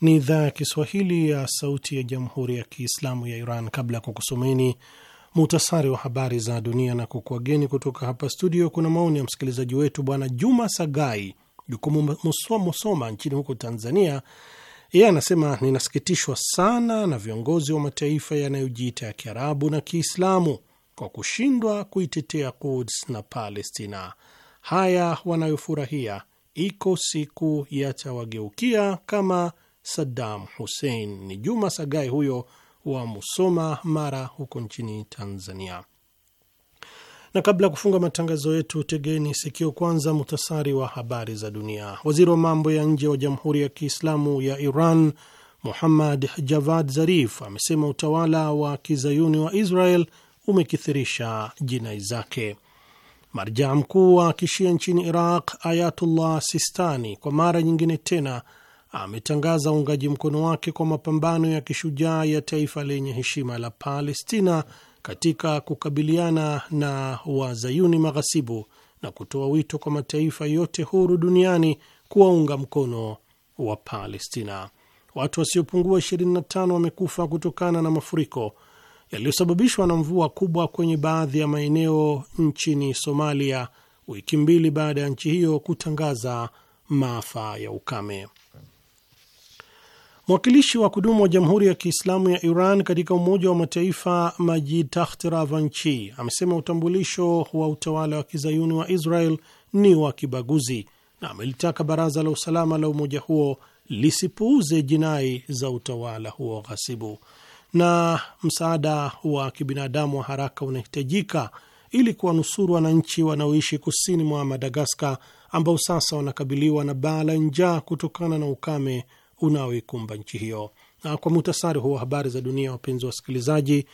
[SPEAKER 4] ni idhaa ya Kiswahili ya Sauti ya Jamhuri ya Kiislamu ya Iran. Kabla ya kukusomeni muhtasari wa habari za dunia na kukuageni kutoka hapa studio. Kuna maoni ya msikilizaji wetu Bwana Juma Sagai Jukumu Musoma nchini huko Tanzania. Yeye anasema ninasikitishwa sana na viongozi wa mataifa yanayojiita ya Kiarabu na Kiislamu kwa kushindwa kuitetea Quds na Palestina. Haya wanayofurahia iko siku yatawageukia kama Saddam Hussein. Ni Juma Sagai huyo wa Musoma, Mara, huko nchini Tanzania. Na kabla ya kufunga matangazo yetu, tegeni sikio kwanza muhtasari wa habari za dunia. Waziri wa mambo ya nje wa Jamhuri ya Kiislamu ya Iran Muhammad Javad Zarif amesema utawala wa kizayuni wa Israel umekithirisha jinai zake. Marjaa mkuu wa kishia nchini Iraq Ayatullah Sistani kwa mara nyingine tena ametangaza uungaji mkono wake kwa mapambano ya kishujaa ya taifa lenye heshima la Palestina katika kukabiliana na wazayuni maghasibu na kutoa wito kwa mataifa yote huru duniani kuwaunga mkono wa Palestina. Watu wasiopungua 25 wamekufa kutokana na mafuriko yaliyosababishwa na mvua kubwa kwenye baadhi ya maeneo nchini Somalia wiki mbili baada ya nchi hiyo kutangaza maafa ya ukame. Mwakilishi wa kudumu wa Jamhuri ya Kiislamu ya Iran katika Umoja wa Mataifa Majid Takht Ravanchi amesema utambulisho wa utawala wa kizayuni wa Israel ni wa kibaguzi na amelitaka Baraza la Usalama la umoja huo lisipuuze jinai za utawala huo ghasibu. Na msaada wa kibinadamu wa haraka unahitajika ili kuwanusuru wananchi wanaoishi kusini mwa Madagaskar ambao sasa wanakabiliwa na baa la njaa kutokana na ukame unaoikumba nchi hiyo. Na kwa muhtasari huo habari za dunia, wapenzi wa wasikilizaji,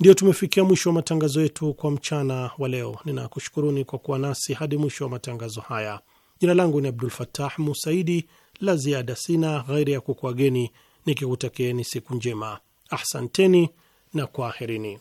[SPEAKER 4] ndio tumefikia mwisho wa matangazo yetu kwa mchana wa leo. Ninakushukuruni kwa kuwa nasi hadi mwisho wa matangazo haya. Jina langu ni Abdul fatah Musaidi. La ziada sina ghairi ya kukuageni nikikutakieni siku njema. Ahsanteni na kwaherini.